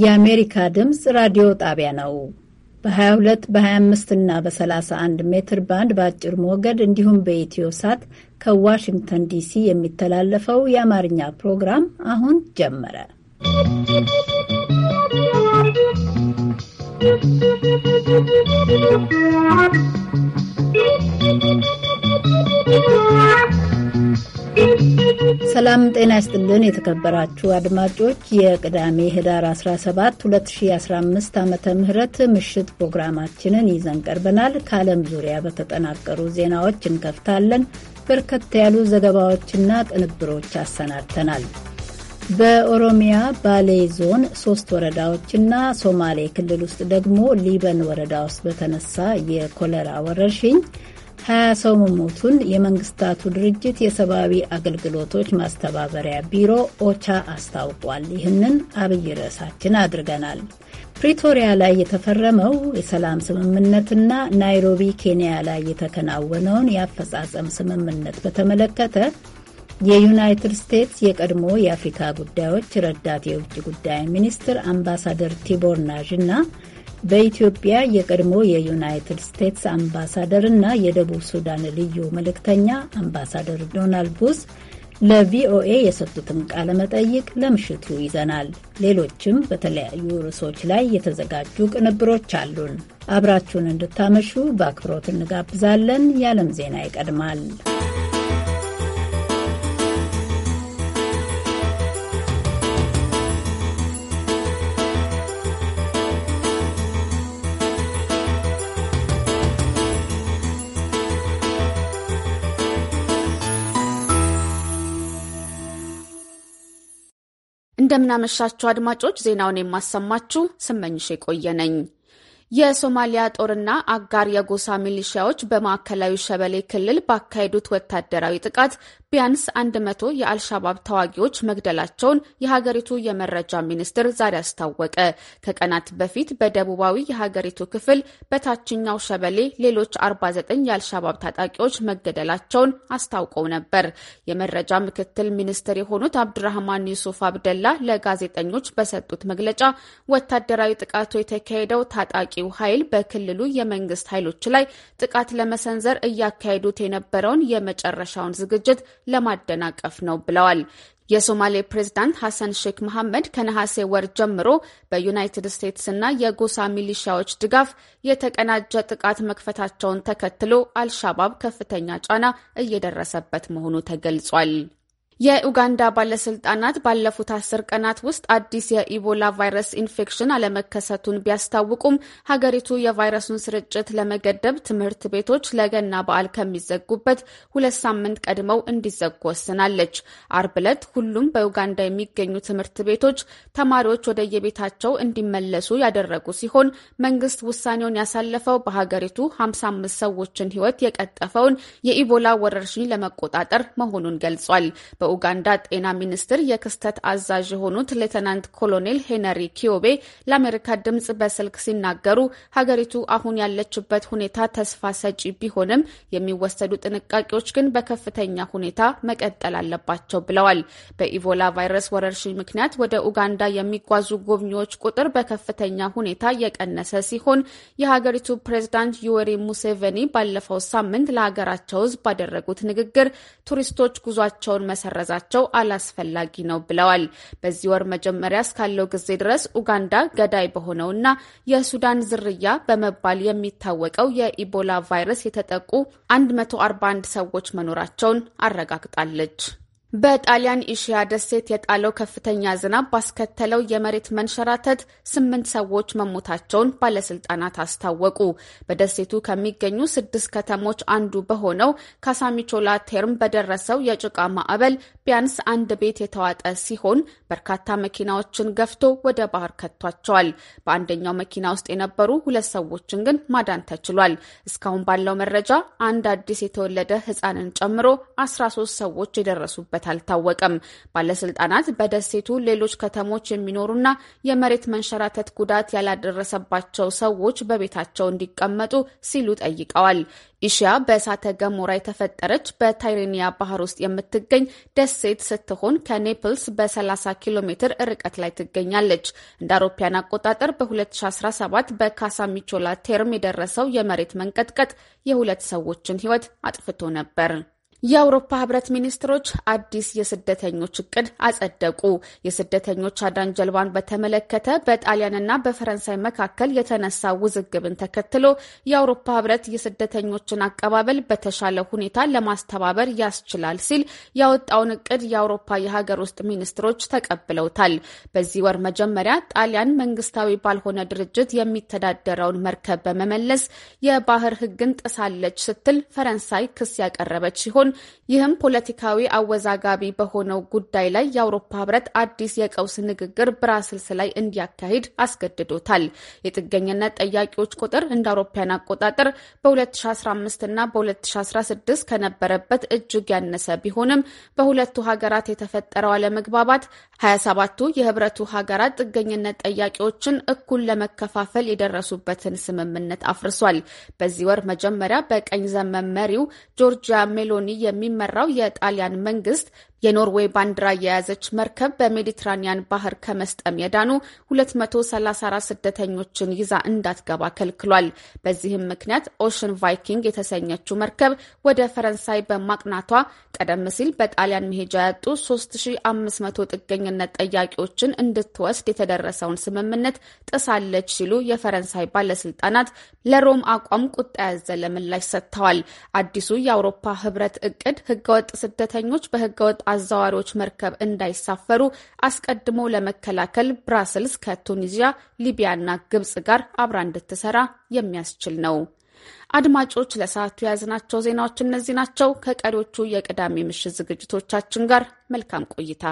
የአሜሪካ ድምፅ ራዲዮ ጣቢያ ነው። በ22 በ25 እና በ31 ሜትር ባንድ በአጭር ሞገድ እንዲሁም በኢትዮ ሳት ከዋሽንግተን ዲሲ የሚተላለፈው የአማርኛ ፕሮግራም አሁን ጀመረ። ¶¶ ሰላም ጤና ይስጥልን። የተከበራችሁ አድማጮች የቅዳሜ ህዳር 17 2015 ዓመተ ምህረት ምሽት ፕሮግራማችንን ይዘን ቀርበናል። ከዓለም ዙሪያ በተጠናቀሩ ዜናዎች እንከፍታለን። በርከት ያሉ ዘገባዎችና ቅንብሮች አሰናድተናል። በኦሮሚያ ባሌ ዞን ሶስት ወረዳዎችና ሶማሌ ክልል ውስጥ ደግሞ ሊበን ወረዳ ውስጥ በተነሳ የኮለራ ወረርሽኝ ሀያ ሰው መሞቱን የመንግስታቱ ድርጅት የሰብአዊ አገልግሎቶች ማስተባበሪያ ቢሮ ኦቻ አስታውቋል። ይህንን አብይ ርዕሳችን አድርገናል። ፕሪቶሪያ ላይ የተፈረመው የሰላም ስምምነትና ናይሮቢ ኬንያ ላይ የተከናወነውን የአፈጻጸም ስምምነት በተመለከተ የዩናይትድ ስቴትስ የቀድሞ የአፍሪካ ጉዳዮች ረዳት የውጭ ጉዳይ ሚኒስትር አምባሳደር ቲቦር ናዥ እና በኢትዮጵያ የቀድሞ የዩናይትድ ስቴትስ አምባሳደር እና የደቡብ ሱዳን ልዩ መልእክተኛ አምባሳደር ዶናልድ ቡስ ለቪኦኤ የሰጡትን ቃለ መጠይቅ ለምሽቱ ይዘናል። ሌሎችም በተለያዩ ርዕሶች ላይ የተዘጋጁ ቅንብሮች አሉን። አብራችሁን እንድታመሹ በአክብሮት እንጋብዛለን። የዓለም ዜና ይቀድማል። እንደምናመሻችሁ አድማጮች፣ ዜናውን የማሰማችሁ ስመኝሽ የቆየ ነኝ። የሶማሊያ ጦርና አጋር የጎሳ ሚሊሺያዎች በማዕከላዊ ሸበሌ ክልል ባካሄዱት ወታደራዊ ጥቃት ቢያንስ 100 የአልሻባብ ተዋጊዎች መግደላቸውን የሀገሪቱ የመረጃ ሚኒስትር ዛሬ አስታወቀ። ከቀናት በፊት በደቡባዊ የሀገሪቱ ክፍል በታችኛው ሸበሌ ሌሎች 49 የአልሻባብ ታጣቂዎች መገደላቸውን አስታውቀው ነበር። የመረጃ ምክትል ሚኒስትር የሆኑት አብድራህማን ዩሱፍ አብደላ ለጋዜጠኞች በሰጡት መግለጫ ወታደራዊ ጥቃቱ የተካሄደው ታጣቂው ኃይል በክልሉ የመንግስት ኃይሎች ላይ ጥቃት ለመሰንዘር እያካሄዱት የነበረውን የመጨረሻውን ዝግጅት ለማደናቀፍ ነው ብለዋል። የሶማሌ ፕሬዝዳንት ሐሰን ሼክ መሐመድ ከነሐሴ ወር ጀምሮ በዩናይትድ ስቴትስ እና የጎሳ ሚሊሻዎች ድጋፍ የተቀናጀ ጥቃት መክፈታቸውን ተከትሎ አልሻባብ ከፍተኛ ጫና እየደረሰበት መሆኑ ተገልጿል። የኡጋንዳ ባለስልጣናት ባለፉት አስር ቀናት ውስጥ አዲስ የኢቦላ ቫይረስ ኢንፌክሽን አለመከሰቱን ቢያስታውቁም ሀገሪቱ የቫይረሱን ስርጭት ለመገደብ ትምህርት ቤቶች ለገና በዓል ከሚዘጉበት ሁለት ሳምንት ቀድመው እንዲዘጉ ወስናለች። አርብ ዕለት ሁሉም በኡጋንዳ የሚገኙ ትምህርት ቤቶች ተማሪዎች ወደ የቤታቸው እንዲመለሱ ያደረጉ ሲሆን መንግስት ውሳኔውን ያሳለፈው በሀገሪቱ 55 ሰዎችን ህይወት የቀጠፈውን የኢቦላ ወረርሽኝ ለመቆጣጠር መሆኑን ገልጿል። የኡጋንዳ ጤና ሚኒስትር የክስተት አዛዥ የሆኑት ሌተናንት ኮሎኔል ሄነሪ ኪዮቤ ለአሜሪካ ድምጽ በስልክ ሲናገሩ ሀገሪቱ አሁን ያለችበት ሁኔታ ተስፋ ሰጪ ቢሆንም የሚወሰዱ ጥንቃቄዎች ግን በከፍተኛ ሁኔታ መቀጠል አለባቸው ብለዋል። በኢቦላ ቫይረስ ወረርሽኝ ምክንያት ወደ ኡጋንዳ የሚጓዙ ጎብኚዎች ቁጥር በከፍተኛ ሁኔታ የቀነሰ ሲሆን የሀገሪቱ ፕሬዝዳንት ዩወሪ ሙሴቬኒ ባለፈው ሳምንት ለሀገራቸው ህዝብ ባደረጉት ንግግር ቱሪስቶች ጉዟቸውን መሰረ መሰረዛቸው አላስፈላጊ ነው ብለዋል። በዚህ ወር መጀመሪያ እስካለው ጊዜ ድረስ ኡጋንዳ ገዳይ በሆነውና የሱዳን ዝርያ በመባል የሚታወቀው የኢቦላ ቫይረስ የተጠቁ 141 ሰዎች መኖራቸውን አረጋግጣለች። በጣሊያን ኢሽያ ደሴት የጣለው ከፍተኛ ዝናብ ባስከተለው የመሬት መንሸራተት ስምንት ሰዎች መሞታቸውን ባለስልጣናት አስታወቁ። በደሴቱ ከሚገኙ ስድስት ከተሞች አንዱ በሆነው ካሳሚቾላ ቴርም በደረሰው የጭቃ ማዕበል ቢያንስ አንድ ቤት የተዋጠ ሲሆን በርካታ መኪናዎችን ገፍቶ ወደ ባህር ከቷቸዋል። በአንደኛው መኪና ውስጥ የነበሩ ሁለት ሰዎችን ግን ማዳን ተችሏል። እስካሁን ባለው መረጃ አንድ አዲስ የተወለደ ሕፃንን ጨምሮ አስራ ሶስት ሰዎች የደረሱበት እንዳለበት አልታወቀም። ባለስልጣናት በደሴቱ ሌሎች ከተሞች የሚኖሩና የመሬት መንሸራተት ጉዳት ያላደረሰባቸው ሰዎች በቤታቸው እንዲቀመጡ ሲሉ ጠይቀዋል። ኢሽያ በእሳተ ገሞራ የተፈጠረች በታይሬኒያ ባህር ውስጥ የምትገኝ ደሴት ስትሆን ከኔፕልስ በ30 ኪሎ ሜትር ርቀት ላይ ትገኛለች። እንደ አውሮፓያን አቆጣጠር በ2017 በካሳሚቾላ ቴርም የደረሰው የመሬት መንቀጥቀጥ የሁለት ሰዎችን ሕይወት አጥፍቶ ነበር። የአውሮፓ ህብረት ሚኒስትሮች አዲስ የስደተኞች እቅድ አጸደቁ። የስደተኞች አዳን ጀልባን በተመለከተ በጣሊያንና በፈረንሳይ መካከል የተነሳ ውዝግብን ተከትሎ የአውሮፓ ህብረት የስደተኞችን አቀባበል በተሻለ ሁኔታ ለማስተባበር ያስችላል ሲል ያወጣውን እቅድ የአውሮፓ የሀገር ውስጥ ሚኒስትሮች ተቀብለውታል። በዚህ ወር መጀመሪያ ጣሊያን መንግስታዊ ባልሆነ ድርጅት የሚተዳደረውን መርከብ በመመለስ የባህር ህግን ጥሳለች ስትል ፈረንሳይ ክስ ያቀረበች ሲሆን ሲሆን ይህም ፖለቲካዊ አወዛጋቢ በሆነው ጉዳይ ላይ የአውሮፓ ህብረት አዲስ የቀውስ ንግግር ብራስልስ ላይ እንዲያካሂድ አስገድዶታል። የጥገኝነት ጠያቂዎች ቁጥር እንደ አውሮፓውያን አቆጣጠር በ2015 እና በ2016 ከነበረበት እጅግ ያነሰ ቢሆንም በሁለቱ ሀገራት የተፈጠረው አለመግባባት 27ቱ የህብረቱ ሀገራት ጥገኝነት ጠያቂዎችን እኩል ለመከፋፈል የደረሱበትን ስምምነት አፍርሷል። በዚህ ወር መጀመሪያ በቀኝ ዘመን መሪው ጆርጂያ ሜሎኒ የሚመራው የጣሊያን መንግስት የኖርዌይ ባንዲራ የያዘች መርከብ በሜዲትራኒያን ባህር ከመስጠም የዳኑ 234 ስደተኞችን ይዛ እንዳትገባ ከልክሏል። በዚህም ምክንያት ኦሽን ቫይኪንግ የተሰኘችው መርከብ ወደ ፈረንሳይ በማቅናቷ ቀደም ሲል በጣሊያን መሄጃ ያጡ 3500 ጥገኝነት ጠያቂዎችን እንድትወስድ የተደረሰውን ስምምነት ጥሳለች ሲሉ የፈረንሳይ ባለስልጣናት ለሮም አቋም ቁጣ ያዘለ ምላሽ ሰጥተዋል። አዲሱ የአውሮፓ ህብረት እቅድ ህገወጥ ስደተኞች በህገወጥ አዘዋሪዎች መርከብ እንዳይሳፈሩ አስቀድሞ ለመከላከል ብራስልስ ከቱኒዚያ፣ ሊቢያና ግብጽ ጋር አብራ እንድትሰራ የሚያስችል ነው። አድማጮች ለሰዓቱ የያዝናቸው ዜናዎች እነዚህ ናቸው። ከቀሪዎቹ የቅዳሜ ምሽት ዝግጅቶቻችን ጋር መልካም ቆይታ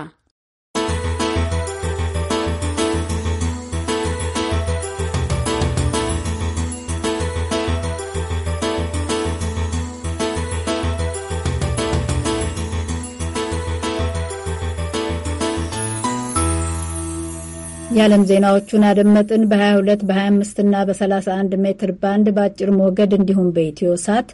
የዓለም ዜናዎቹን አደመጥን። በ22 በ25 እና በ31 ሜትር ባንድ በአጭር ሞገድ እንዲሁም በኢትዮ ሳት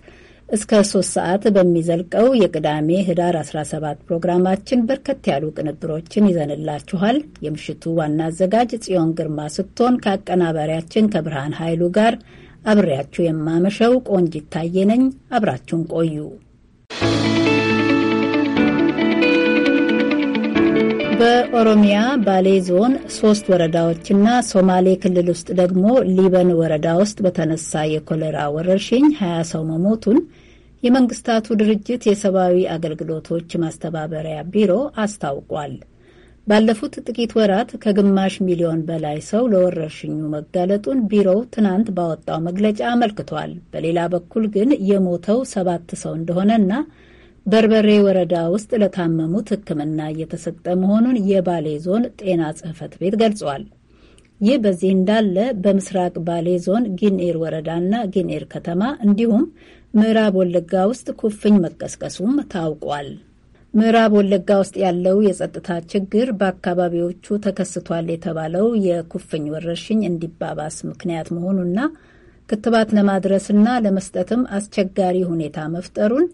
እስከ 3 ሰዓት በሚዘልቀው የቅዳሜ ህዳር 17 ፕሮግራማችን በርከት ያሉ ቅንብሮችን ይዘንላችኋል። የምሽቱ ዋና አዘጋጅ ጽዮን ግርማ ስትሆን ከአቀናባሪያችን ከብርሃን ኃይሉ ጋር አብሬያችሁ የማመሸው ቆንጅ ታየ አብራችሁን ቆዩ። በኦሮሚያ ባሌ ዞን ሶስት ወረዳዎችና ሶማሌ ክልል ውስጥ ደግሞ ሊበን ወረዳ ውስጥ በተነሳ የኮሌራ ወረርሽኝ 20 ሰው መሞቱን የመንግስታቱ ድርጅት የሰብአዊ አገልግሎቶች ማስተባበሪያ ቢሮ አስታውቋል። ባለፉት ጥቂት ወራት ከግማሽ ሚሊዮን በላይ ሰው ለወረርሽኙ መጋለጡን ቢሮው ትናንት ባወጣው መግለጫ አመልክቷል። በሌላ በኩል ግን የሞተው ሰባት ሰው እንደሆነና በርበሬ ወረዳ ውስጥ ለታመሙት ሕክምና እየተሰጠ መሆኑን የባሌ ዞን ጤና ጽሕፈት ቤት ገልጿል። ይህ በዚህ እንዳለ በምስራቅ ባሌ ዞን ጊንኤር ወረዳና ጊንኤር ከተማ እንዲሁም ምዕራብ ወለጋ ውስጥ ኩፍኝ መቀስቀሱም ታውቋል። ምዕራብ ወለጋ ውስጥ ያለው የጸጥታ ችግር በአካባቢዎቹ ተከስቷል የተባለው የኩፍኝ ወረርሽኝ እንዲባባስ ምክንያት መሆኑና ክትባት ለማድረስና ለመስጠትም አስቸጋሪ ሁኔታ መፍጠሩን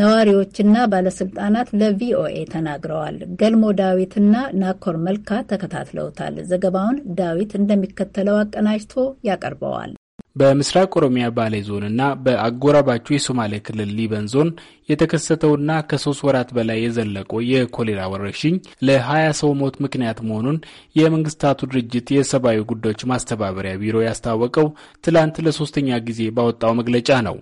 ነዋሪዎችና ባለስልጣናት ለቪኦኤ ተናግረዋል። ገልሞ ዳዊትና ናኮር መልካ ተከታትለውታል። ዘገባውን ዳዊት እንደሚከተለው አቀናጅቶ ያቀርበዋል። በምስራቅ ኦሮሚያ ባሌ ዞንና በአጎራባቹ የሶማሌ ክልል ሊበን ዞን የተከሰተውና ከሶስት ወራት በላይ የዘለቀው የኮሌራ ወረርሽኝ ለሀያ ሰው ሞት ምክንያት መሆኑን የመንግስታቱ ድርጅት የሰብአዊ ጉዳዮች ማስተባበሪያ ቢሮ ያስታወቀው ትላንት ለሶስተኛ ጊዜ ባወጣው መግለጫ ነው።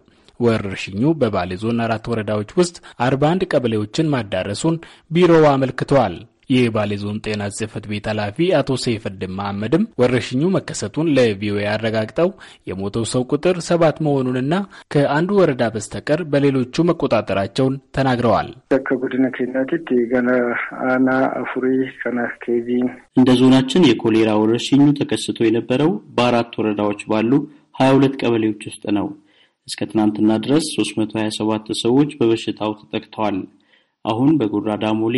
ወረርሽኙ በባሌ ዞን አራት ወረዳዎች ውስጥ 41 ቀበሌዎችን ማዳረሱን ቢሮው አመልክተዋል። የባሌ ዞን ጤና ጽህፈት ቤት ኃላፊ አቶ ሰይፈድን መሐመድም ወረርሽኙ መከሰቱን ለቪኦኤ አረጋግጠው የሞተው ሰው ቁጥር ሰባት መሆኑንና ከአንዱ ወረዳ በስተቀር በሌሎቹ መቆጣጠራቸውን ተናግረዋል። እንደ ዞናችን የኮሌራ ወረርሽኙ ተከስቶ የነበረው በአራት ወረዳዎች ባሉ 22 ቀበሌዎች ውስጥ ነው። እስከ ትናንትና ድረስ 327 ሰዎች በበሽታው ተጠቅተዋል። አሁን በጉራ ዳሞሌ፣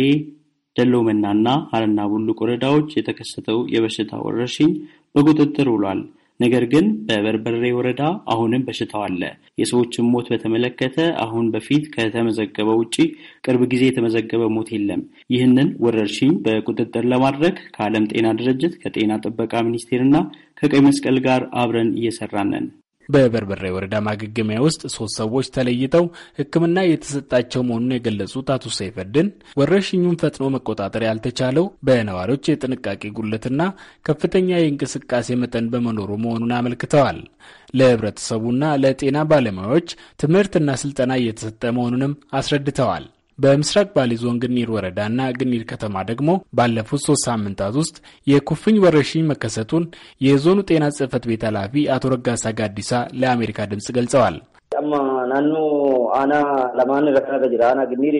ደሎመናና አረና ቡሉቅ ወረዳዎች የተከሰተው የበሽታ ወረርሽኝ በቁጥጥር ውሏል። ነገር ግን በበርበሬ ወረዳ አሁንም በሽታው አለ። የሰዎችን ሞት በተመለከተ አሁን በፊት ከተመዘገበ ውጪ ቅርብ ጊዜ የተመዘገበ ሞት የለም። ይህንን ወረርሽኝ በቁጥጥር ለማድረግ ከዓለም ጤና ድርጅት ከጤና ጥበቃ ሚኒስቴርና ከቀይ መስቀል ጋር አብረን እየሰራን ነን። በበርበሬ ወረዳ ማገገሚያ ውስጥ ሶስት ሰዎች ተለይተው ሕክምና የተሰጣቸው መሆኑን የገለጹት አቶ ሰይፈድን ወረርሽኙን ፈጥኖ መቆጣጠር ያልተቻለው በነዋሪዎች የጥንቃቄ ጉለትና ከፍተኛ የእንቅስቃሴ መጠን በመኖሩ መሆኑን አመልክተዋል። ለህብረተሰቡና ለጤና ባለሙያዎች ትምህርትና ስልጠና እየተሰጠ መሆኑንም አስረድተዋል። በምስራቅ ባሌ ዞን ግኒር ወረዳና ግኒር ከተማ ደግሞ ባለፉት ሶስት ሳምንታት ውስጥ የኩፍኝ ወረርሽኝ መከሰቱን የዞኑ ጤና ጽህፈት ቤት ኃላፊ አቶ ረጋሳ ጋዲሳ ለአሜሪካ ድምፅ ገልጸዋል። ናኖ አና ለማን አና ግኒር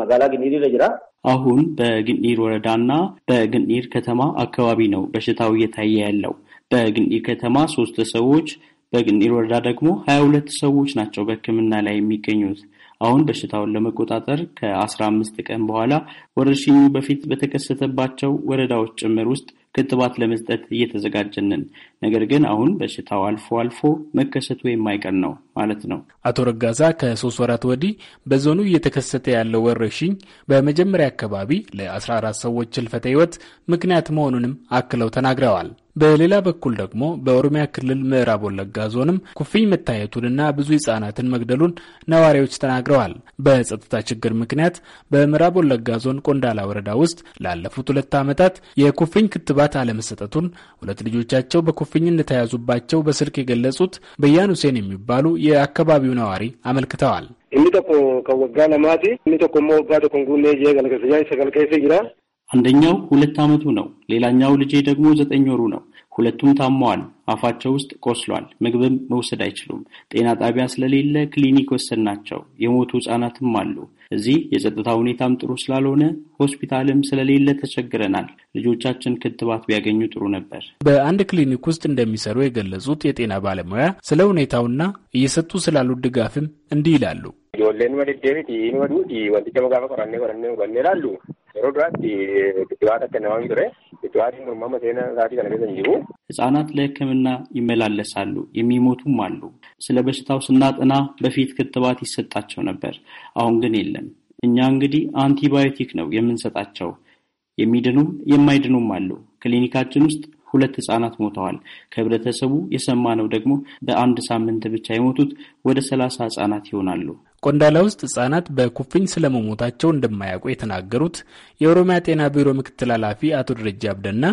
መጋላ ግኒር ጅራ አሁን በግኒር ወረዳና በግኒር ከተማ አካባቢ ነው በሽታው እየታየ ያለው። በግኒር ከተማ ሶስት ሰዎች፣ በግኒር ወረዳ ደግሞ ሀያ ሁለት ሰዎች ናቸው በሕክምና ላይ የሚገኙት። አሁን በሽታውን ለመቆጣጠር ከአስራ አምስት ቀን በኋላ ወረርሽኙ በፊት በተከሰተባቸው ወረዳዎች ጭምር ውስጥ ክትባት ለመስጠት እየተዘጋጀንን፣ ነገር ግን አሁን በሽታው አልፎ አልፎ መከሰቱ የማይቀር ነው ማለት ነው። አቶ ረጋዛ ከሶስት ወራት ወዲህ በዞኑ እየተከሰተ ያለው ወረርሽኝ በመጀመሪያ አካባቢ ለ14 ሰዎች ህልፈተ ህይወት ምክንያት መሆኑንም አክለው ተናግረዋል። በሌላ በኩል ደግሞ በኦሮሚያ ክልል ምዕራብ ወለጋ ዞንም ኩፍኝ መታየቱንና ብዙ ህጻናትን መግደሉን ነዋሪዎች ተናግረዋል። በጸጥታ ችግር ምክንያት በምዕራብ ወለጋ ዞን ቆንዳላ ወረዳ ውስጥ ላለፉት ሁለት ዓመታት የኩፍኝ ክትባት አለመሰጠቱን ሁለት ልጆቻቸው በኩፍኝ እንደተያዙባቸው በስልክ የገለጹት በያን ሁሴን የሚባሉ የአካባቢው ነዋሪ አመልክተዋል። እኒ ከወጋ ለማቲ እኒ ሞ ባ ተኮንጉኔ ጀ ገለገሰያ ሰገልቀሰ ይላል አንደኛው ሁለት ዓመቱ ነው። ሌላኛው ልጄ ደግሞ ዘጠኝ ወሩ ነው። ሁለቱም ታመዋል። አፋቸው ውስጥ ቆስሏል። ምግብም መውሰድ አይችሉም። ጤና ጣቢያ ስለሌለ ክሊኒክ ናቸው የሞቱ ህጻናትም አሉ። እዚህ የጸጥታ ሁኔታም ጥሩ ስላልሆነ ሆስፒታልም ስለሌለ ተቸግረናል። ልጆቻችን ክትባት ቢያገኙ ጥሩ ነበር። በአንድ ክሊኒክ ውስጥ እንደሚሰሩ የገለጹት የጤና ባለሙያ ስለ ሁኔታውና እየሰጡ ስላሉት ድጋፍም እንዲህ ይላሉ። yeroo duraatti ክትባት አከናዋሚ ture ክትባት mormama seenaa isaatii kana keessa hin jiru ህጻናት ለሕክምና ይመላለሳሉ፣ የሚሞቱም አሉ። ስለ በሽታው ስናጥና በፊት ክትባት ይሰጣቸው ነበር፣ አሁን ግን የለም። እኛ እንግዲህ አንቲባዮቲክ ነው የምንሰጣቸው። የሚድኑም የማይድኑም አሉ። ክሊኒካችን ውስጥ ሁለት ህጻናት ሞተዋል። ከህብረተሰቡ የሰማነው ደግሞ በአንድ ሳምንት ብቻ የሞቱት ወደ ሰላሳ ህጻናት ይሆናሉ። ቆንዳላ ውስጥ ህጻናት በኩፍኝ ስለመሞታቸው እንደማያውቁ የተናገሩት የኦሮሚያ ጤና ቢሮ ምክትል ኃላፊ አቶ ደረጃ አብደና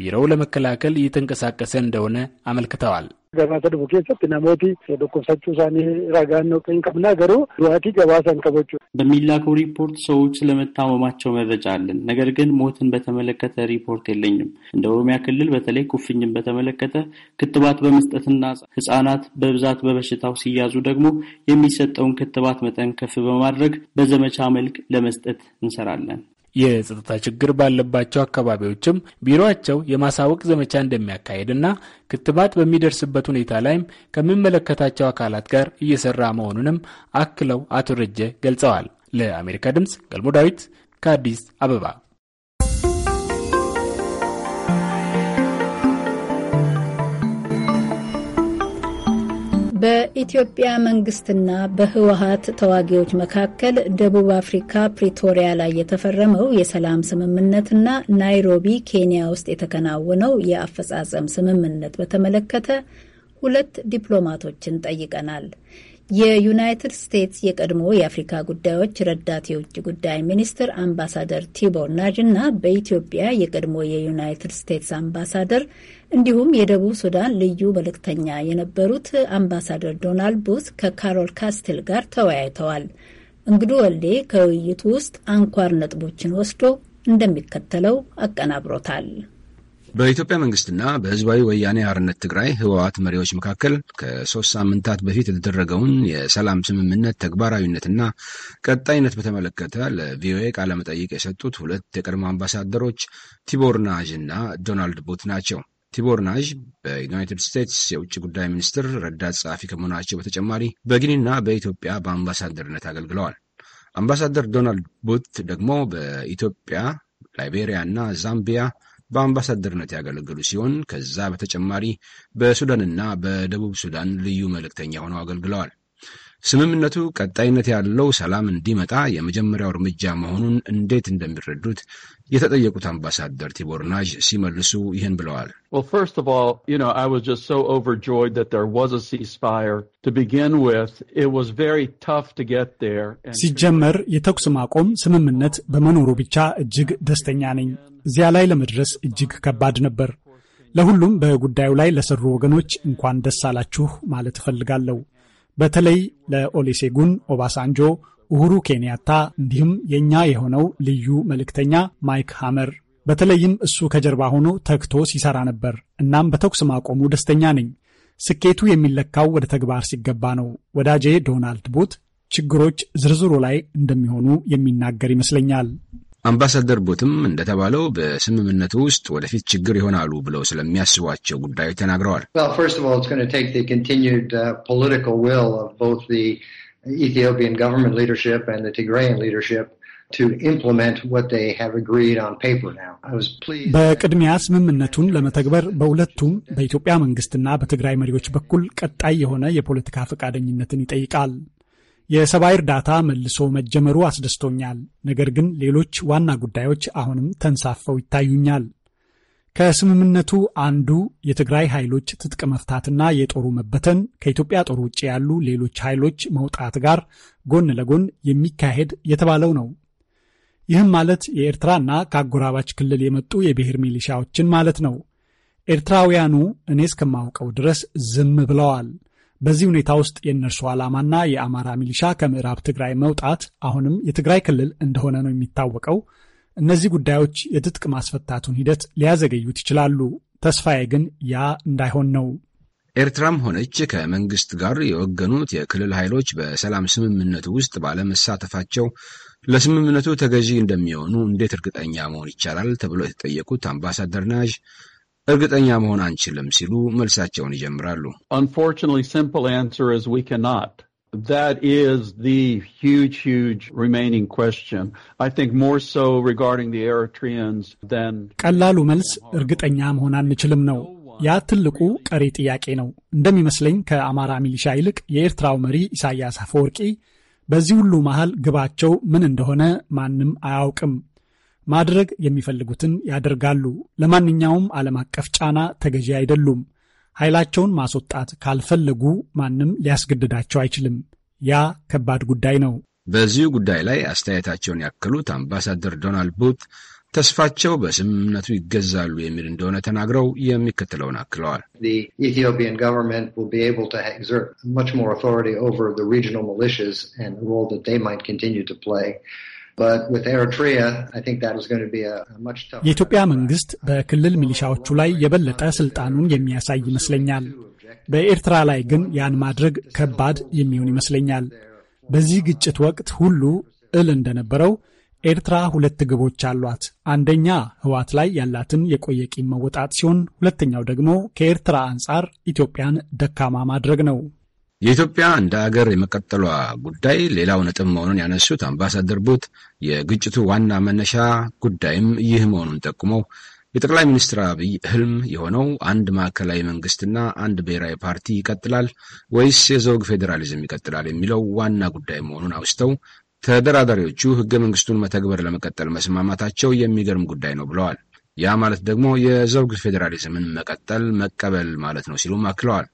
ቢሮው ለመከላከል እየተንቀሳቀሰ እንደሆነ አመልክተዋል። gabaasa dhufu keessatti namooti dhukkubsachuu isaanii ragaan hin qabna garuu du'aatii gabaasan qabochu በሚላከው ሪፖርት ሰዎች ስለመታመማቸው መረጃ አለን። ነገር ግን ሞትን በተመለከተ ሪፖርት የለኝም። እንደ ኦሮሚያ ክልል በተለይ ኩፍኝን በተመለከተ ክትባት በመስጠትና ሕጻናት በብዛት በበሽታው ሲያዙ ደግሞ የሚሰጠውን ክትባት መጠን ከፍ በማድረግ በዘመቻ መልክ ለመስጠት እንሰራለን። የጸጥታ ችግር ባለባቸው አካባቢዎችም ቢሮቸው የማሳወቅ ዘመቻ እንደሚያካሄድና ክትባት በሚደርስበት ሁኔታ ላይም ከሚመለከታቸው አካላት ጋር እየሰራ መሆኑንም አክለው አቶ ረጀ ገልጸዋል። ለአሜሪካ ድምፅ ገልሞ ዳዊት ከአዲስ አበባ በኢትዮጵያ መንግስትና በህወሀት ተዋጊዎች መካከል ደቡብ አፍሪካ ፕሪቶሪያ ላይ የተፈረመው የሰላም ስምምነትና ናይሮቢ ኬንያ ውስጥ የተከናወነው የአፈጻጸም ስምምነት በተመለከተ ሁለት ዲፕሎማቶችን ጠይቀናል። የዩናይትድ ስቴትስ የቀድሞ የአፍሪካ ጉዳዮች ረዳት የውጭ ጉዳይ ሚኒስትር አምባሳደር ቲቦር ናጅ እና በኢትዮጵያ የቀድሞ የዩናይትድ ስቴትስ አምባሳደር እንዲሁም የደቡብ ሱዳን ልዩ መልእክተኛ የነበሩት አምባሳደር ዶናልድ ቡስ ከካሮል ካስቴል ጋር ተወያይተዋል። እንግዱ ወልዴ ከውይይቱ ውስጥ አንኳር ነጥቦችን ወስዶ እንደሚከተለው አቀናብሮታል። በኢትዮጵያ መንግስትና በህዝባዊ ወያኔ አርነት ትግራይ ህወሓት መሪዎች መካከል ከሶስት ሳምንታት በፊት የተደረገውን የሰላም ስምምነት ተግባራዊነትና ቀጣይነት በተመለከተ ለቪኦኤ ቃለመጠይቅ የሰጡት ሁለት የቀድሞ አምባሳደሮች ቲቦር ናዥ እና ዶናልድ ቡት ናቸው። ቲቦር ናዥ በዩናይትድ ስቴትስ የውጭ ጉዳይ ሚኒስትር ረዳት ጸሐፊ ከመሆናቸው በተጨማሪ በጊኒና በኢትዮጵያ በአምባሳደርነት አገልግለዋል። አምባሳደር ዶናልድ ቡት ደግሞ በኢትዮጵያ ላይቤሪያ እና ዛምቢያ በአምባሳደርነት ያገለገሉ ሲሆን ከዛ በተጨማሪ በሱዳንና በደቡብ ሱዳን ልዩ መልእክተኛ ሆነው አገልግለዋል። ስምምነቱ ቀጣይነት ያለው ሰላም እንዲመጣ የመጀመሪያው እርምጃ መሆኑን እንዴት እንደሚረዱት የተጠየቁት አምባሳደር ቲቦር ናዥ ሲመልሱ ይህን ብለዋል። ሲጀመር የተኩስ ማቆም ስምምነት በመኖሩ ብቻ እጅግ ደስተኛ ነኝ። እዚያ ላይ ለመድረስ እጅግ ከባድ ነበር። ለሁሉም በጉዳዩ ላይ ለሰሩ ወገኖች እንኳን ደስ አላችሁ ማለት እፈልጋለሁ። በተለይ ጉን ኦባሳንጆ፣ ኡሁሩ ኬንያታ እንዲሁም የእኛ የሆነው ልዩ መልእክተኛ ማይክ ሃመር በተለይም እሱ ከጀርባ ሆኖ ተግቶ ሲሰራ ነበር። እናም በተኩስ ማቆሙ ደስተኛ ነኝ። ስኬቱ የሚለካው ወደ ተግባር ሲገባ ነው። ወዳጄ ዶናልድ ቡት ችግሮች ዝርዝሩ ላይ እንደሚሆኑ የሚናገር ይመስለኛል። አምባሳደር ቦትም እንደተባለው በስምምነቱ ውስጥ ወደፊት ችግር ይሆናሉ ብለው ስለሚያስቧቸው ጉዳዮች ተናግረዋል። uh, በቅድሚያ ስምምነቱን ለመተግበር በሁለቱም በኢትዮጵያ መንግስትና በትግራይ መሪዎች በኩል ቀጣይ የሆነ የፖለቲካ ፈቃደኝነትን ይጠይቃል። የሰብአዊ እርዳታ መልሶ መጀመሩ አስደስቶኛል። ነገር ግን ሌሎች ዋና ጉዳዮች አሁንም ተንሳፈው ይታዩኛል። ከስምምነቱ አንዱ የትግራይ ኃይሎች ትጥቅ መፍታትና የጦሩ መበተን ከኢትዮጵያ ጦር ውጭ ያሉ ሌሎች ኃይሎች መውጣት ጋር ጎን ለጎን የሚካሄድ የተባለው ነው። ይህም ማለት የኤርትራና ከአጎራባች ክልል የመጡ የብሔር ሚሊሻዎችን ማለት ነው። ኤርትራውያኑ እኔ እስከማውቀው ድረስ ዝም ብለዋል። በዚህ ሁኔታ ውስጥ የእነርሱ ዓላማና የአማራ ሚሊሻ ከምዕራብ ትግራይ መውጣት አሁንም የትግራይ ክልል እንደሆነ ነው የሚታወቀው። እነዚህ ጉዳዮች የትጥቅ ማስፈታቱን ሂደት ሊያዘገዩት ይችላሉ። ተስፋዬ ግን ያ እንዳይሆን ነው። ኤርትራም ሆነች ከመንግስት ጋር የወገኑት የክልል ኃይሎች በሰላም ስምምነቱ ውስጥ ባለመሳተፋቸው ለስምምነቱ ተገዢ እንደሚሆኑ እንዴት እርግጠኛ መሆን ይቻላል? ተብሎ የተጠየቁት አምባሳደር ናዥ እርግጠኛ መሆን አንችልም ሲሉ መልሳቸውን ይጀምራሉ። ቀላሉ መልስ እርግጠኛ መሆን አንችልም ነው። ያ ትልቁ ቀሪ ጥያቄ ነው። እንደሚመስለኝ ከአማራ ሚሊሻ ይልቅ የኤርትራው መሪ ኢሳያስ አፈወርቂ በዚህ ሁሉ መሃል ግባቸው ምን እንደሆነ ማንም አያውቅም። ማድረግ የሚፈልጉትን ያደርጋሉ። ለማንኛውም ዓለም አቀፍ ጫና ተገዢ አይደሉም። ኃይላቸውን ማስወጣት ካልፈለጉ ማንም ሊያስገድዳቸው አይችልም። ያ ከባድ ጉዳይ ነው። በዚሁ ጉዳይ ላይ አስተያየታቸውን ያከሉት አምባሳደር ዶናልድ ቡት ተስፋቸው በስምምነቱ ይገዛሉ የሚል እንደሆነ ተናግረው የሚከተለውን አክለዋል። የኢትዮጵያ መንግስት በክልል ሚሊሻዎቹ ላይ የበለጠ ስልጣኑን የሚያሳይ ይመስለኛል። በኤርትራ ላይ ግን ያን ማድረግ ከባድ የሚሆን ይመስለኛል። በዚህ ግጭት ወቅት ሁሉ እል እንደነበረው ኤርትራ ሁለት ግቦች አሏት። አንደኛ ህዋት ላይ ያላትን የቆየ ቂም መወጣት ሲሆን፣ ሁለተኛው ደግሞ ከኤርትራ አንጻር ኢትዮጵያን ደካማ ማድረግ ነው። የኢትዮጵያ እንደ አገር የመቀጠሏ ጉዳይ ሌላው ነጥብ መሆኑን ያነሱት አምባሳደር ቡት የግጭቱ ዋና መነሻ ጉዳይም ይህ መሆኑን ጠቁመው የጠቅላይ ሚኒስትር አብይ ህልም የሆነው አንድ ማዕከላዊ መንግስትና አንድ ብሔራዊ ፓርቲ ይቀጥላል ወይስ የዘውግ ፌዴራሊዝም ይቀጥላል የሚለው ዋና ጉዳይ መሆኑን አውስተው ተደራዳሪዎቹ ህገ መንግስቱን መተግበር ለመቀጠል መስማማታቸው የሚገርም ጉዳይ ነው ብለዋል። ያ ማለት ደግሞ የዘውግ ፌዴራሊዝምን መቀጠል መቀበል ማለት ነው ሲሉም አክለዋል።